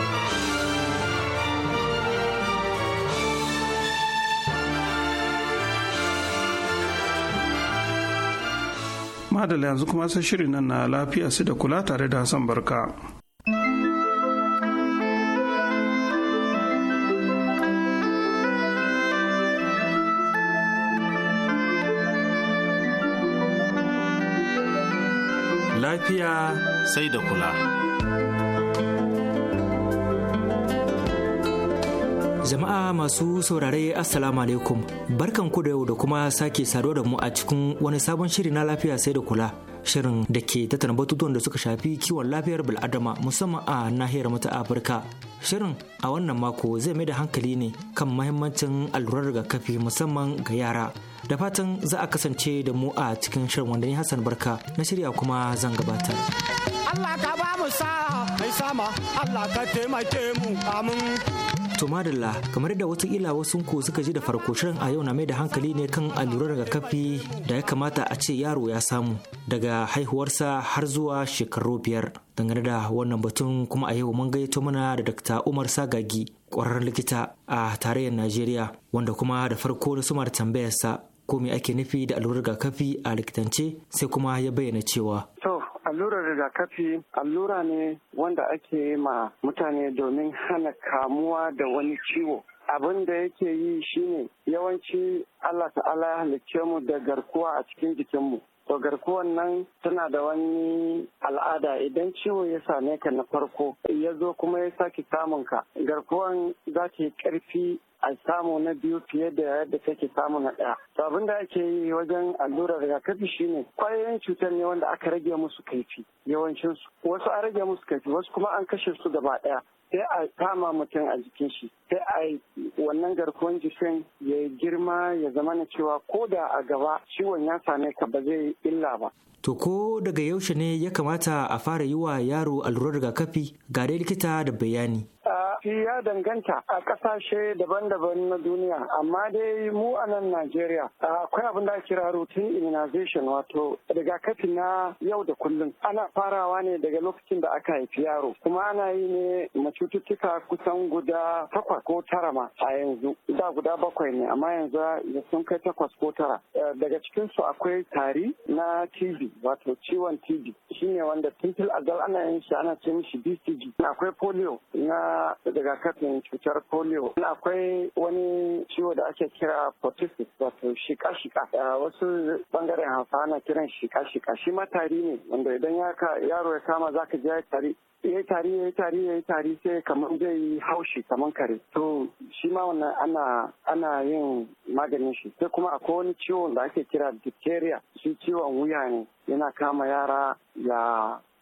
madalla yanzu kuma sai shirin nan na lafiya su da kula tare da Hassan Barka. Lafiya sai da kula. Jama'a masu saurare Assalamu alaikum barkan ku da yau da kuma sake saduwa da mu a cikin wani sabon shiri na lafiya sai da kula shirin da ke tattara batutuwan da suka shafi kiwon lafiyar bil'adama musamman a nahiyar mata Afirka. Shirin a wannan mako zai mai da hankali ne kan mahimmancin allurar rigakafi musamman ga yara. Da fatan za a kasance da mu a cikin shirin wanda ni Hassan Barka na shirya kuma zan gabatar. Allah ka ba mu sa'a mai sama Allah ka taimake mu amin To madalla kamar da watakila wasu ko suka ji da farko shirin a yau na mai da hankali ne kan allurar rigakafi da ya kamata a ce yaro ya samu daga haihuwarsa har zuwa shekaru biyar. Dangane da wannan batun kuma a yau mun gayyato mana da Dr. Umar Sagagi ƙwararren likita a tarayyar Najeriya wanda kuma da farko da sumar tambayarsa ko me ake nufi da allurar rigakafi a likitance sai kuma ya bayyana cewa. To allurar rigakafi allura ne wanda ake yi ma mutane domin hana kamuwa da wani ciwo abin da yake yi shine yawanci allah ta'ala ya halicce mu da garkuwa a cikin jikinmu to garkuwan nan tana da wani al'ada idan ciwo ya same ka na farko ya zo kuma ya sake samun ka garkuwan za ta yi ƙarfi a samu na biyu fiye da yadda take samu na ɗaya. To abin da ake yi wajen allurar rigakafi shine kwayoyin cutar ne wanda aka rage musu kaifi yawancinsu. Wasu an rage musu kaifi wasu kuma an kashe su gaba ɗaya. sai a kama mutum a jikin shi sai a wannan garkuwan jikin ya girma ya zama na cewa ko da a gaba ciwon ya same ka ba zai illa ba. To ko daga yaushe ne ya kamata a fara yi wa yaro allurar rigakafi ga dai likita da bayani. shi ya danganta a kasashe daban-daban na duniya amma dai mu a nan Najeriya akwai abin da kira routine immunization wato rigakafi na yau da kullum ana farawa ne daga lokacin da aka haifi yaro kuma ana yi ne ma cututtuka kusan guda takwas ko tara ma a yanzu da guda bakwai ne amma yanzu sun kai takwas ko tara eh, daga cikin su akwai tari na tv wato ciwon tibi shine wanda tuntul azal ana yin shi ana ce mishi BCG akwai polio na daga katin cutar polio akwai wani ciwo da ake kira potisis wato shika-shika eh, wasu bangaren hausa ana kiran shika-shika shi ma tari ne wanda idan yaro ya kama zaka je tari ya tari ya tari ya tari sai kamar zai haushi kamar kare to shi ma wannan ana yin maganin shi sai kuma akwai wani ciwon da ake kira diphtheria shi ciwon wuya ne yana kama yara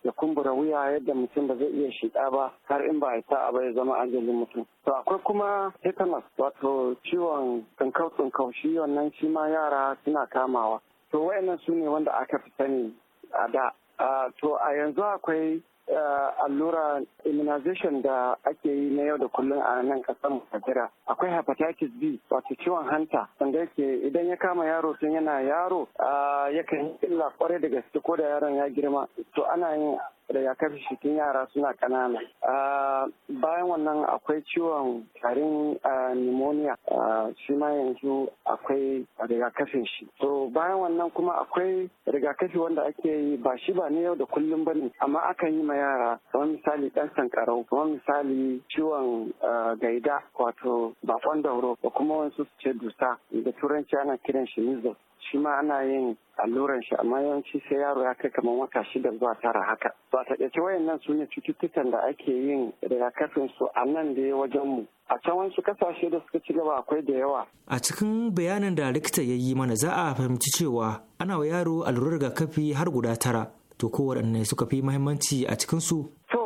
ya kumbura wuya yadda mutum ba zai iya shiɗa ba har in ba sa'a ba ya zama ajiyar mutum. To akwai kuma tetanus wato ciwon tsinkau tsinkau shi wannan shi ma yara suna kamawa. To wayannan su ne wanda aka fi sani a da Ah, to a yanzu akwai ah, allura immunization da ake yi na yau da kullum a nan kasar Najeriya akwai hepatitis B wato ciwon hanta wanda yake idan ya kama yaro tun yana yaro ah, yakan kan illa kware da gaske ko da yaron ya girma to ana yin rigakafi cikin yara suna ƙanana. Bayan wannan akwai ciwon tarin pneumonia shi ma yanzu akwai rigakafin shi. To bayan wannan kuma akwai rigakafi wanda ake yi ba shi ba ne yau da kullum ba ne amma akan yi ma yara kamar misali ɗan sankarau kamar misali ciwon gaida wato bakon dauro da kuma wasu su ce dusa da turanci ana kiran shi shi ma ana yin alluran shi amma yawanci sai yaro ya kai kamar wata shida zuwa tara haka to a taƙaice wayannan su ne cututtukan da ake yin rigakafin su a nan da ya wajen mu a can wasu kasashe da suka ci gaba akwai da yawa a cikin bayanin da likita ya yi mana za a fahimci cewa ana wa yaro allurar rigakafi har guda tara to kowaɗanne suka fi muhimmanci a cikin su to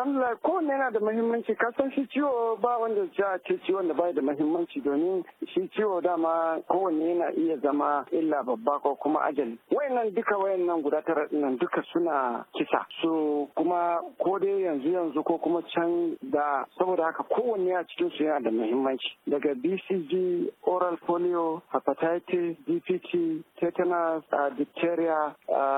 alhamdulillah kowanne yana da mahimmanci. ka san shi ciwo ba wanda ja ce ciwon da bai da mahimmanci domin shi ciwo dama kowanne yana iya zama illa babba ko kuma ajali wayannan duka wayannan guda tara nan duka suna kisa so kuma ko dai yanzu yanzu ko kuma can da saboda haka kowanne a cikin su yana da mahimmanci. daga BCG oral polio hepatitis DPT tetanus diphtheria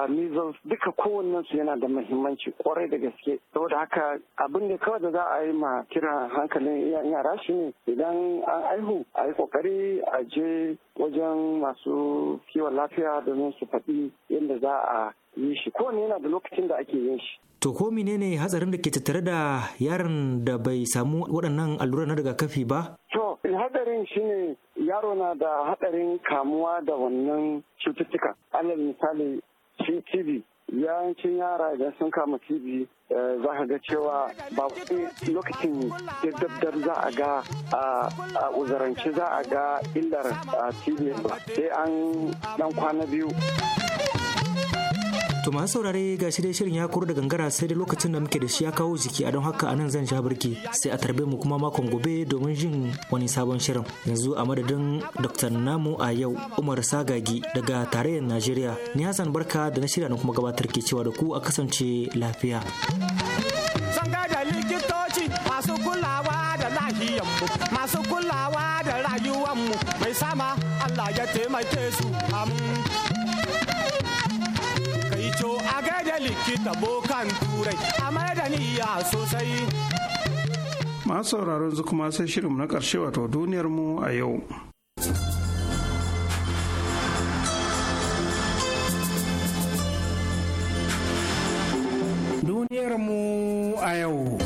measles duka kowannen su yana da mahimmanci. kwarai da gaske saboda haka abin da kawai da za a yi ma kira hankalin yara shi ne idan an aihu a yi kokari a je wajen masu kiwon lafiya domin su faɗi yadda za a yi shi ko yana da lokacin da ake yin shi. To ko menene hatsarin da ke tattare da yaron da bai samu waɗannan allurar na kafi ba? To hadarin ne yaro na da hatsarin kamuwa da wannan cututtuka. Alal misali shi yawancin yara idan sun kama tv eh, za ka ga cewa ba lokacin dabdab za a ga a uzuranci za a ga illar tv ba sai an dan kwana biyu To masu saurare ga shirye shirin ya koro da gangara sai da lokacin da muke da shi ya kawo jiki a don haka anan zan sha birki sai a tarbe mu kuma makon gobe domin jin wani sabon shirin. Yanzu a madadin Dr. Namu a yau Umar Sagagi daga tarayyar Najeriya. Ni Hassan Barka da na shirya na kuma gabatar ke cewa da ku a kasance lafiya. likitoci masu kulawa da masu rayuwanmu mai sama Allah ya taimake su amin. to a gaida likita bokan turai a da sosai masu sauraron zu kuma sai shirin na ƙarshe wato duniyar mu a yau duniyar mu a yau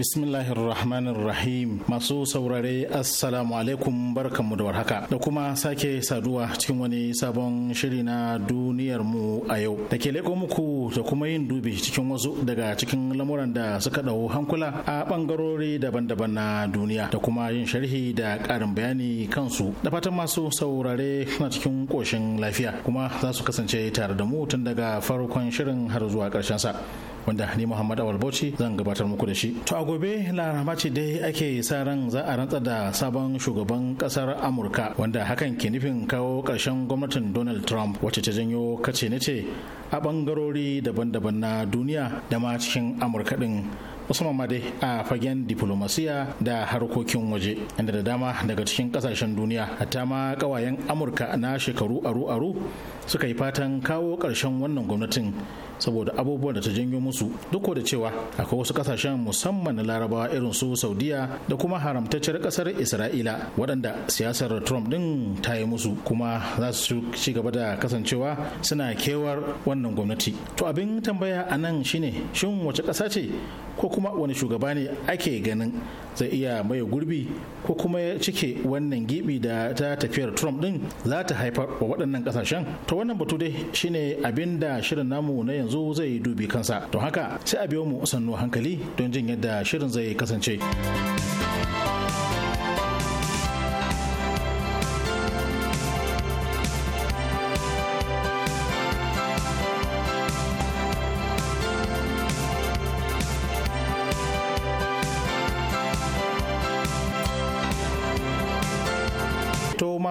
Bismillahirrahmanirrahim masu saurare assalamu alaikum barkanmu da warhaka da kuma sake saduwa cikin wani sabon shiri na duniyar mu a yau da ke leko muku da kuma yin dubi cikin wasu daga cikin lamuran da suka dau hankula a bangarori daban-daban na duniya da kuma yin sharhi da karin bayani kansu da fatan masu saurare na cikin koshin lafiya kuma za su kasance tare da mu tun daga farkon shirin har zuwa ƙarshen sa wanda ni Muhammad Awal Bauchi zan gabatar muku da shi. To a gobe laraba ce dai ake sa ran za a rantsar da sabon shugaban kasar Amurka wanda hakan ke nufin kawo ƙarshen gwamnatin Donald Trump wacce ta janyo kace na ce a bangarori daban-daban na duniya da ma cikin Amurka din musamman ma dai a fagen diplomasiya da harkokin waje inda da dama daga cikin kasashen duniya hatta ma kawayen amurka na shekaru aru-aru suka yi fatan kawo karshen wannan gwamnatin saboda abubuwan da ta janyo musu duk da cewa akwai wasu kasashen musamman na larabawa irin su saudiya da kuma haramtacciyar kasar isra'ila waɗanda siyasar trump din ta yi musu kuma za su ci gaba da kasancewa suna kewar wannan gwamnati to abin tambaya a nan shine shin wace ƙasa ce ko kuma wani shugaba ne ake ganin zai iya maye gurbi ko kuma ya cike wannan gibi da ta tafiyar trump din za ta haifar wa waɗannan ƙasashen to wannan batu dai shine abin da shirin namu na yanzu yanzu zai dubi kansa don haka sai a biyo mu sannu hankali don jin yadda shirin zai kasance.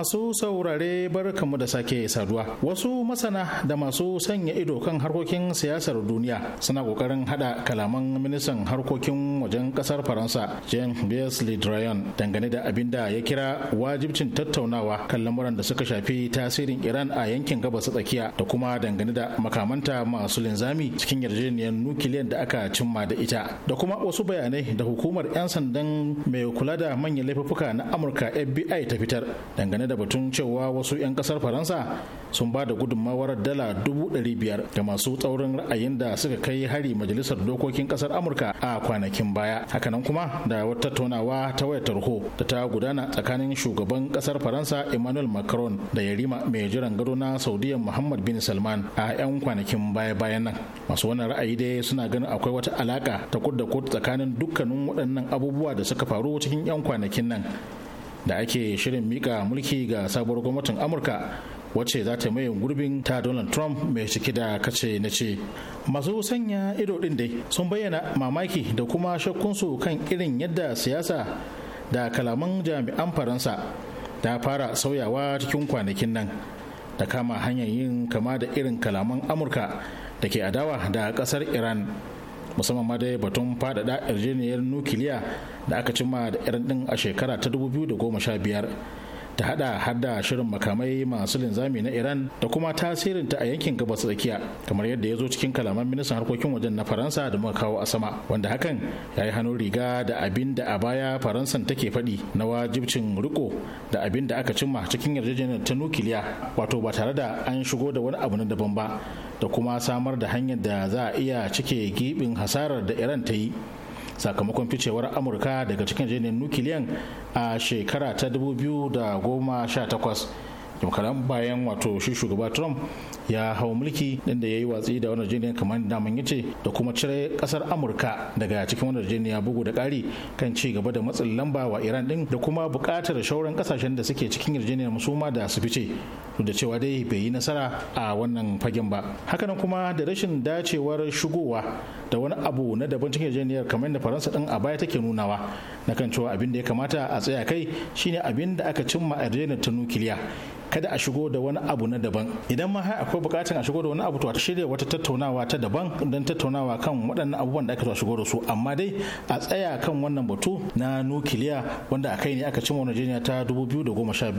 masu saurare kamu da sake saduwa. Wasu masana da masu sanya ido kan harkokin siyasar duniya suna kokarin hada kalaman ministan harkokin wajen kasar Faransa jean bs Le dangane da abin da ya kira wajibcin tattaunawa kan lamuran da suka shafi tasirin Iran a yankin gabas tsakiya da kuma dangane da makamanta masu linzami cikin yarjejeniyar nukiliyan da aka cimma da ita da kuma wasu bayanai da hukumar 'yan sandan mai kula da manyan laifuka na Amurka FBI ta fitar dangane da batun cewa wasu 'yan kasar faransa sun ba da gudunmawar dala dubu ɗari biyar da masu tsaurin ra'ayin da suka kai hari majalisar dokokin kasar amurka a kwanakin baya hakanan kuma da wata tattaunawa ta wayar tarho da ta gudana tsakanin shugaban kasar faransa emmanuel macron da yarima mai jiran gado na saudiya muhammad bin salman a 'yan kwanakin baya bayan nan masu wani ra'ayi dai suna ganin akwai wata alaka ta kud da kud tsakanin dukkanin waɗannan abubuwa da suka faru cikin 'yan kwanakin nan da ake shirin mika mulki ga sabuwar gwamnatin amurka wacce za ta mai gurbin ta donald trump mai cike da kace na ce masu sanya ido din dai sun bayyana mamaki da kuma shakkunsu kan irin yadda siyasa da kalaman jami'an faransa ta fara sauyawa cikin kwanakin nan da kama hanyar yin kama da irin kalaman amurka da ke adawa da kasar iran musamman ma dai batun faɗaɗa yarjejeniyar nukiliya da aka cimma da irin din a shekara ta 2015 ta hada har da shirin makamai masu linzami na iran da kuma tasirinta a yankin gabas tsakiya kamar yadda ya zo cikin kalaman ministan harkokin wajen na faransa da muka kawo a sama wanda hakan ya yi hannun riga da abin da a baya faransan take faɗi na wajibcin riko da abin da aka cimma cikin yarjejeniyar ta nukiliya wato ba tare da an shigo da wani abu na daban ba da kuma samar da hanyar da za a iya cike gibin hasarar da iran ta yi sakamakon ficewar amurka daga cikin jirgin nukiliyan a shekara ta 2018 jimkaran bayan wato shi shugaba trump ya hau mulki inda ya yi watsi da wani jiniya kamar daman yace da kuma cire kasar amurka daga cikin wani bugu da kari kan ci gaba da matsin lamba wa iran ɗin da kuma buƙatar shauran kasashen da suke cikin yarjejeniyar musuma da su fice da cewa dai bai yi nasara a wannan fagen ba hakanan kuma da rashin dacewar shigowa da wani abu na daban cikin yarjejeniyar kamar da faransa din a baya take nunawa na kan cewa abin da ya kamata a tsaya kai shine abin da aka cimma a yarjejeniyar ta nukiliya kada a shigo da wani abu na daban idan ma har akwai bukatun a shigo da wani abu to a shirya wata tattaunawa ta daban don tattaunawa kan waɗannan abubuwan da aka zo a shigo da su amma dai a tsaya kan wannan batu na nukiliya wanda a kai ne aka cimma wani jeniya ta 2015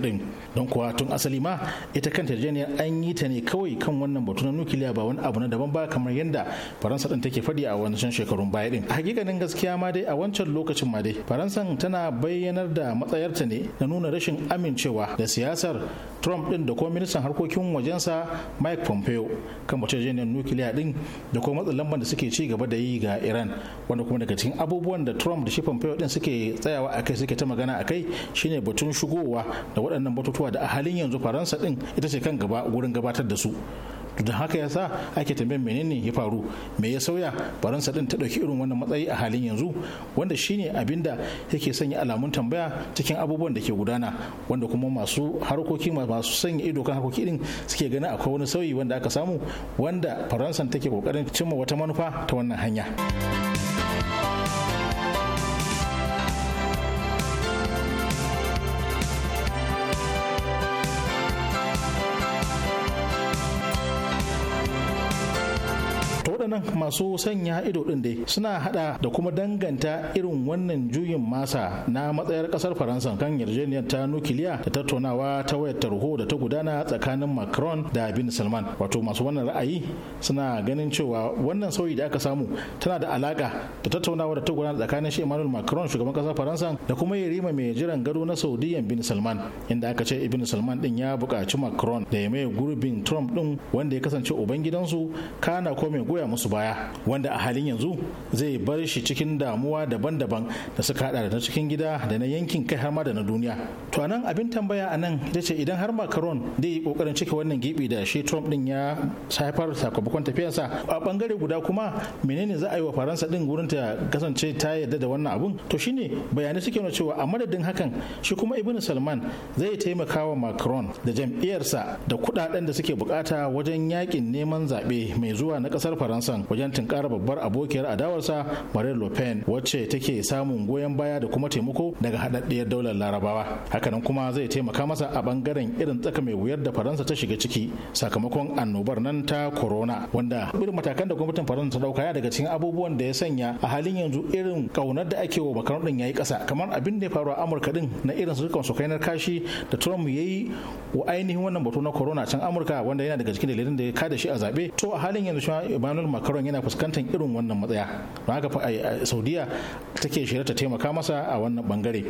din don kuwa tun asali Salima ita kanta tarjaniyar an yi ta ne kawai kan wannan batu na nukiliya ba wani abu na daban ba kamar yadda faransa din take faɗi a wancan shekarun baya din a hakikanin gaskiya ma dai a wancan lokacin ma dai faransan tana bayyanar da matsayarta ne na nuna rashin amincewa da siyasar trump din da kuma ministan harkokin wajensa mike pompeo kan yarjejeniyar nukiliya din da kuma matsin lamban da suke ci gaba da yi ga iran wanda kuma daga cikin abubuwan da trump da shi pompeo din suke tsayawa a kai suke ta magana a kai shine batun shigowa da waɗannan batutuwa da a halin yanzu faransa din ita ce kan gaba wurin gabatar da su da haka ya sa ake tambayan menene ya faru me ya sauya faransa din ta dauki irin wannan matsayi a halin yanzu wanda shine abinda yake sanya alamun tambaya cikin abubuwan da ke gudana wanda kuma masu harkoki masu sanya ido kan harkoki din suke ganin akwai wani sauyi wanda aka samu wanda faransa take kokarin cimma wata manufa ta wannan hanya. masu sanya ido din dai suna hada da kuma danganta irin wannan juyin masa na matsayar kasar faransa kan yarjejeniyar ta nukiliya da tattaunawa ta wayar tarho da ta gudana tsakanin macron da bin salman wato masu wannan ra'ayi suna ganin cewa wannan sauyi da aka samu tana da alaka da tattaunawa da ta gudana tsakanin shi emmanuel macron shugaban kasar faransa da kuma yarima mai jiran gado na saudiyan bin salman inda aka ce ibn salman din ya buƙaci macron da ya mai gurbin trump din wanda ya kasance ubangidansu kana ko mai goya musu baya wanda a halin yanzu zai bar shi cikin damuwa daban-daban da suka hada da na cikin gida da na yankin kai har ma da na duniya to anan abin tambaya anan ita ce idan har macron zai yi kokarin cike wannan gibi da shi trump din ya haifar sakamakon tafiyarsa a bangare guda kuma menene za a yi wa faransa din gurin ta kasance ta yarda da wannan abun to shine bayani suke nuna cewa a madadin hakan shi kuma ibn salman zai taimaka wa macron da jam'iyyarsa da kudaden da suke bukata wajen yakin neman zaɓe mai zuwa na kasar faransa wajen wajen kara babbar abokiyar adawarsa Marine Le Pen wacce take samun goyon baya da kuma taimako daga haɗaɗɗiyar daular Larabawa. Hakanan kuma zai taimaka masa a bangaren irin tsaka mai wuyar da Faransa ta shiga ciki sakamakon annobar nan ta corona wanda irin matakan da gwamnatin Faransa ta dauka ya daga cikin abubuwan da ya sanya a halin yanzu irin kaunar da ake wa Macron din yayi kasa. kamar abin da ya faru a Amurka din na irin su kan su kainar kashi da Trump yayi wa ainihin wannan batu na corona can Amurka wanda yana daga cikin dalilin da ya kada shi a zabe to a halin yanzu shi Emmanuel Macron yana fuskantar irin wannan matsaya don haka saudiya take shirya ta taimaka masa a wannan bangare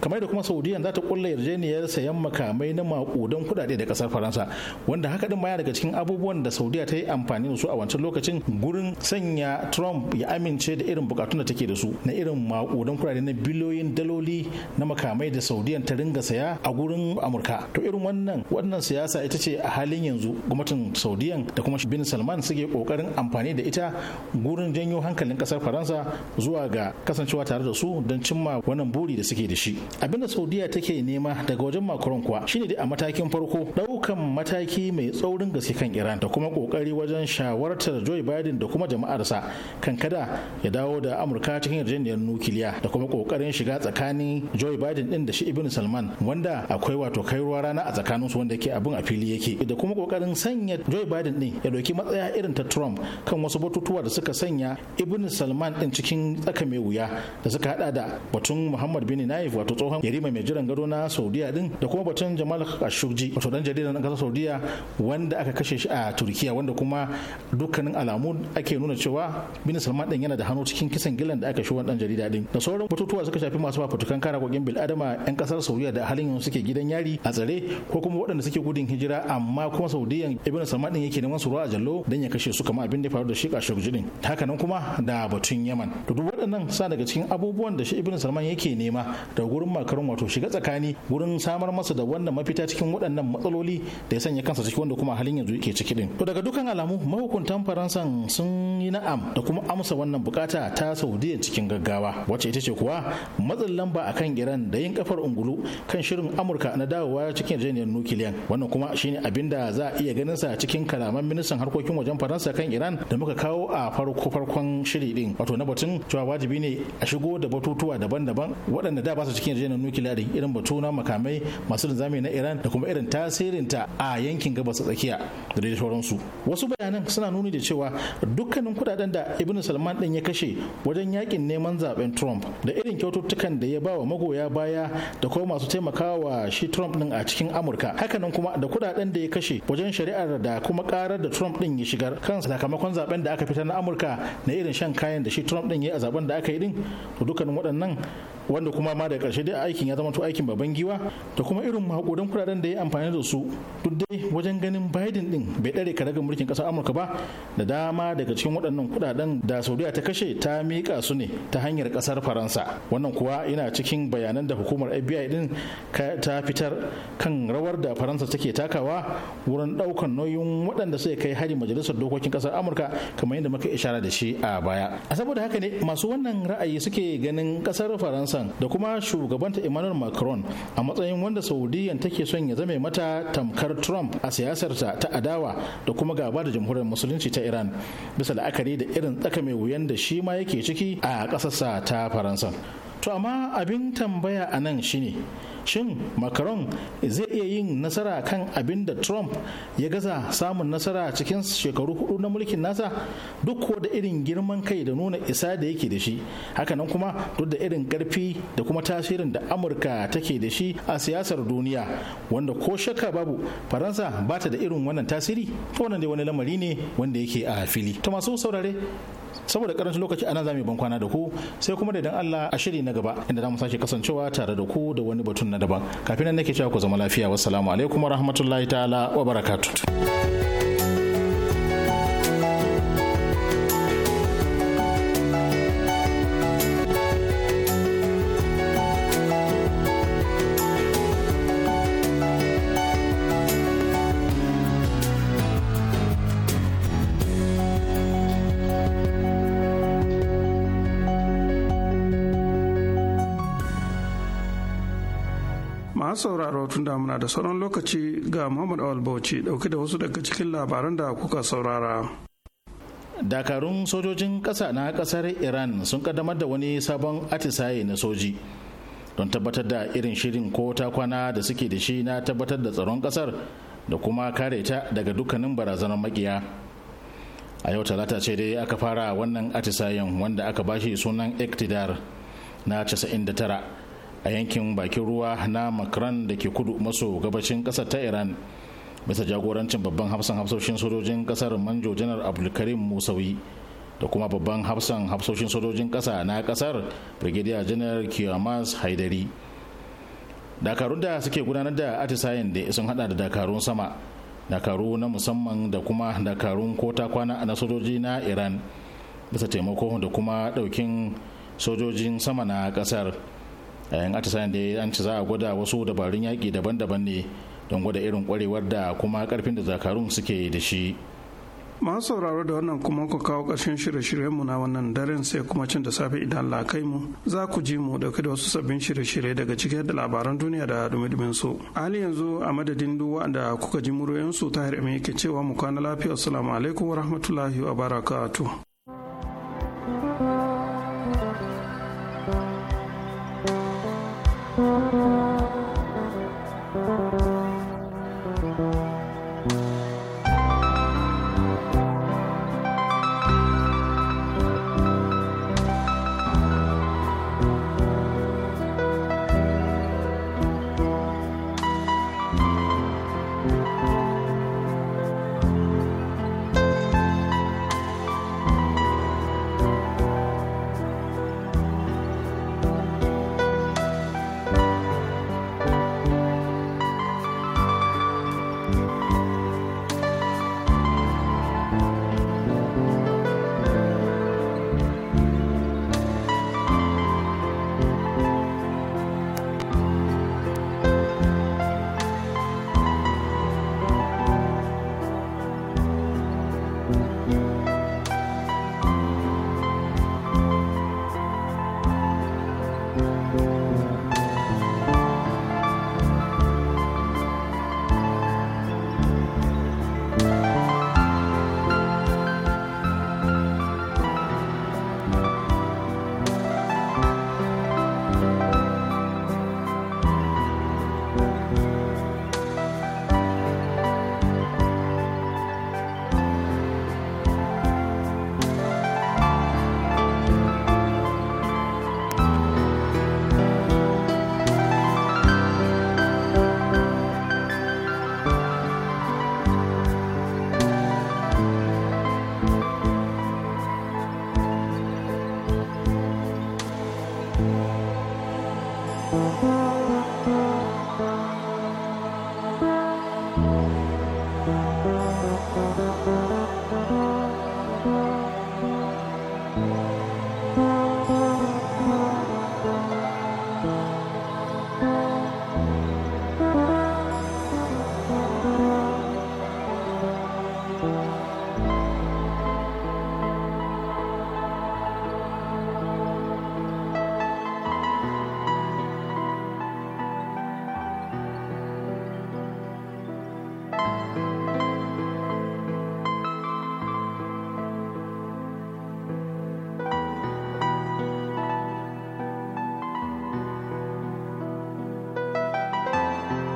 kamar da kuma saudiya za ta kulla yarjejeniyar sayan makamai na makudan kudade da kasar faransa wanda haka din baya daga cikin abubuwan da saudiya ta yi amfani da su a wancan lokacin gurin sanya trump ya amince da irin bukatun da take da su na irin makudan kudade na biliyoyin daloli na makamai da saudiya ta ringa saya a gurin amurka to irin wannan wannan siyasa ita ce a halin yanzu gwamnatin saudiya da kuma bin salman suke kokarin amfani da ita tsakiya gurin janyo hankalin kasar faransa zuwa ga kasancewa tare da su don cimma wannan buri da suke da shi abinda saudiya take nema daga wajen macron kuwa shine dai a matakin farko daukan mataki mai tsaurin gaske kan iran da kuma kokari wajen shawartar joe biden da kuma jama'ar sa kan kada ya dawo da amurka cikin yarjejeniyar nukiliya da kuma kokarin shiga tsakanin joe biden din da shi ibn salman wanda akwai wato kai ruwa rana a tsakanin su wanda yake abin a fili yake da kuma kokarin sanya joe biden din ya dauki matsaya irin ta trump kan wasu batutuwa da suka sanya ibn salman din cikin tsaka mai wuya da suka hada da batun muhammad bin naif wato tsohon yarima mai jiran gado na saudiya din da kuma batun jamal khashoggi wato dan jarida na kasar saudiya wanda aka kashe shi a turkiya wanda kuma dukkanin alamu ake nuna cewa bin salman din yana da hannu cikin kisan gilan da aka shi wani jarida din da sauran batutuwa suka shafi masu fafutukan kara kogin bil adama yan kasar saudiya da halin yanzu suke gidan yari a tsare ko kuma waɗanda suke gudun hijira amma kuma saudiyan ibn salman din yake neman su ruwa a jallo dan ya kashe su kamar abin da ya faru da shi khashoggi din nan kuma da batun yaman to duk waɗannan sa daga cikin abubuwan da shi ibn salman yake nema da gurin makarun wato shiga tsakani gurin samar masa da wannan mafita cikin waɗannan matsaloli da ya sanya kansa ciki wanda kuma halin yanzu yake ciki din to daga dukkan alamu mahukuntan faransan sun yi na'am da kuma amsa wannan bukata ta saudiya cikin gaggawa wacce ita ce kuwa matsin lamba akan iran da yin kafar ungulu kan shirin amurka na dawowa cikin yarjejeniyar nukiliyan wannan kuma shine abinda da za a iya ganin sa cikin kalaman ministan harkokin wajen faransa kan iran da muka kawo dawo a farko farkon shiri din wato na batun cewa wajibi ne a shigo da batutuwa daban-daban waɗanda da ba su cikin yarjejeniyar nukiliya da irin batu na makamai masu linzami na Iran da kuma irin tasirin ta a yankin gabas tsakiya da dai sauransu wasu bayanan suna nuni da cewa dukkanin kudaden da Ibn Salman din ya kashe wajen yakin neman zaben Trump da irin kyaututtukan da ya ba wa magoya baya da kuma masu taimakawa shi Trump din a cikin Amurka hakanan kuma da kudaden da ya kashe wajen shari'ar da kuma karar da Trump din ya shigar kan sakamakon zaben da aka aka fitar na amurka na irin shan kayan da shi trump ɗin ya a zaben da aka yi din to dukkanin waɗannan wanda kuma ma da karshe dai aikin ya zama to aikin babban giwa da kuma irin makudan kudaden da ya amfani da su duk dai wajen ganin Biden din bai dare karagar mulkin ƙasar Amurka ba da dama daga cikin waɗannan kudaden da Saudiya ta kashe ta miƙa su ne ta hanyar ƙasar Faransa wannan kuwa yana cikin bayanan da hukumar FBI din ta fitar kan rawar da Faransa take takawa wurin ɗaukan nauyin waɗanda suka kai hari majalisar dokokin ƙasar Amurka kamar yadda muka ishara da shi a baya a saboda haka ne masu wannan ra'ayi suke ganin ƙasar Faransa Hassan da kuma shugabanta Emmanuel Macron a matsayin wanda Saudiyan take son ya zame mata tamkar Trump a siyasarta ta adawa da kuma gaba da jamhuriyar musulunci ta Iran bisa la'akari da irin tsaka mai wuyan da shi ma yake ciki a ƙasarsa ta Faransa. To amma abin tambaya a nan shine shin macron zai iya yin nasara kan abin da trump ya gaza samun nasara cikin shekaru hudu na mulkin nasa duk ko da irin girman kai da nuna isa da yake da shi hakanan kuma duk da irin karfi da kuma tasirin da amurka take da shi a siyasar duniya wanda ko shakka babu faransa ba ta da irin wannan tasiri wannan dai wani lamari ne wanda yake a fili to masu saurare saboda karancin lokaci anan zamu ban kwana da ku sai kuma da idan Allah a shiri na gaba inda zamu sake kasancewa tare da ku da wani batun na daban kafin nan nake cewa ku zama lafiya wassalamu alaikum warahmatullahi ta'ala wa barakatuh sauraro tun da muna da sauran lokaci ga Muhammad Awal Bauchi dauke da wasu daga cikin labaran da kuka saurara. Dakarun sojojin ƙasa na ƙasar Iran sun kaddamar da wani sabon atisaye na soji. Don tabbatar da irin shirin ko ta kwana da suke da shi na tabbatar da tsaron ƙasar da kuma kare ta daga dukkanin barazanar makiya. A yau talata ce dai aka fara wannan atisayen wanda aka bashi sunan Ektidar na 99 a yankin bakin ruwa na makran da ke kudu maso gabashin kasar ta iran bisa jagorancin babban hafsan hafsoshin sojojin kasar manjo janar abdulkarim musawi da kuma babban hafsan hafsoshin sojojin kasa na kasar brigadier janar kiyamas haidari dakarun da suke gudanar da atisayen da sun hada da dakarun sama dakaru na musamman da kuma dakarun kota kwana na sojoji na iran bisa taimako da kuma daukin sojojin sama na kasar yayin atisayen da an ci za a gwada wasu dabarun yaƙi daban-daban ne don gwada irin kwarewar da kuma karfin da zakarun suke da shi masu sauraro da wannan kuma ku kawo ƙarshen shirye-shiryenmu na wannan daren sai kuma cin da safe idan Allah kai mu za ku ji mu dauke da wasu sabbin shirye-shirye daga cike da labaran duniya da dumi su hali yanzu a madadin duk wanda kuka ji muryoyin su tahir ke cewa mu kwana lafiya assalamu alaikum wa rahmatullahi wa barakatuh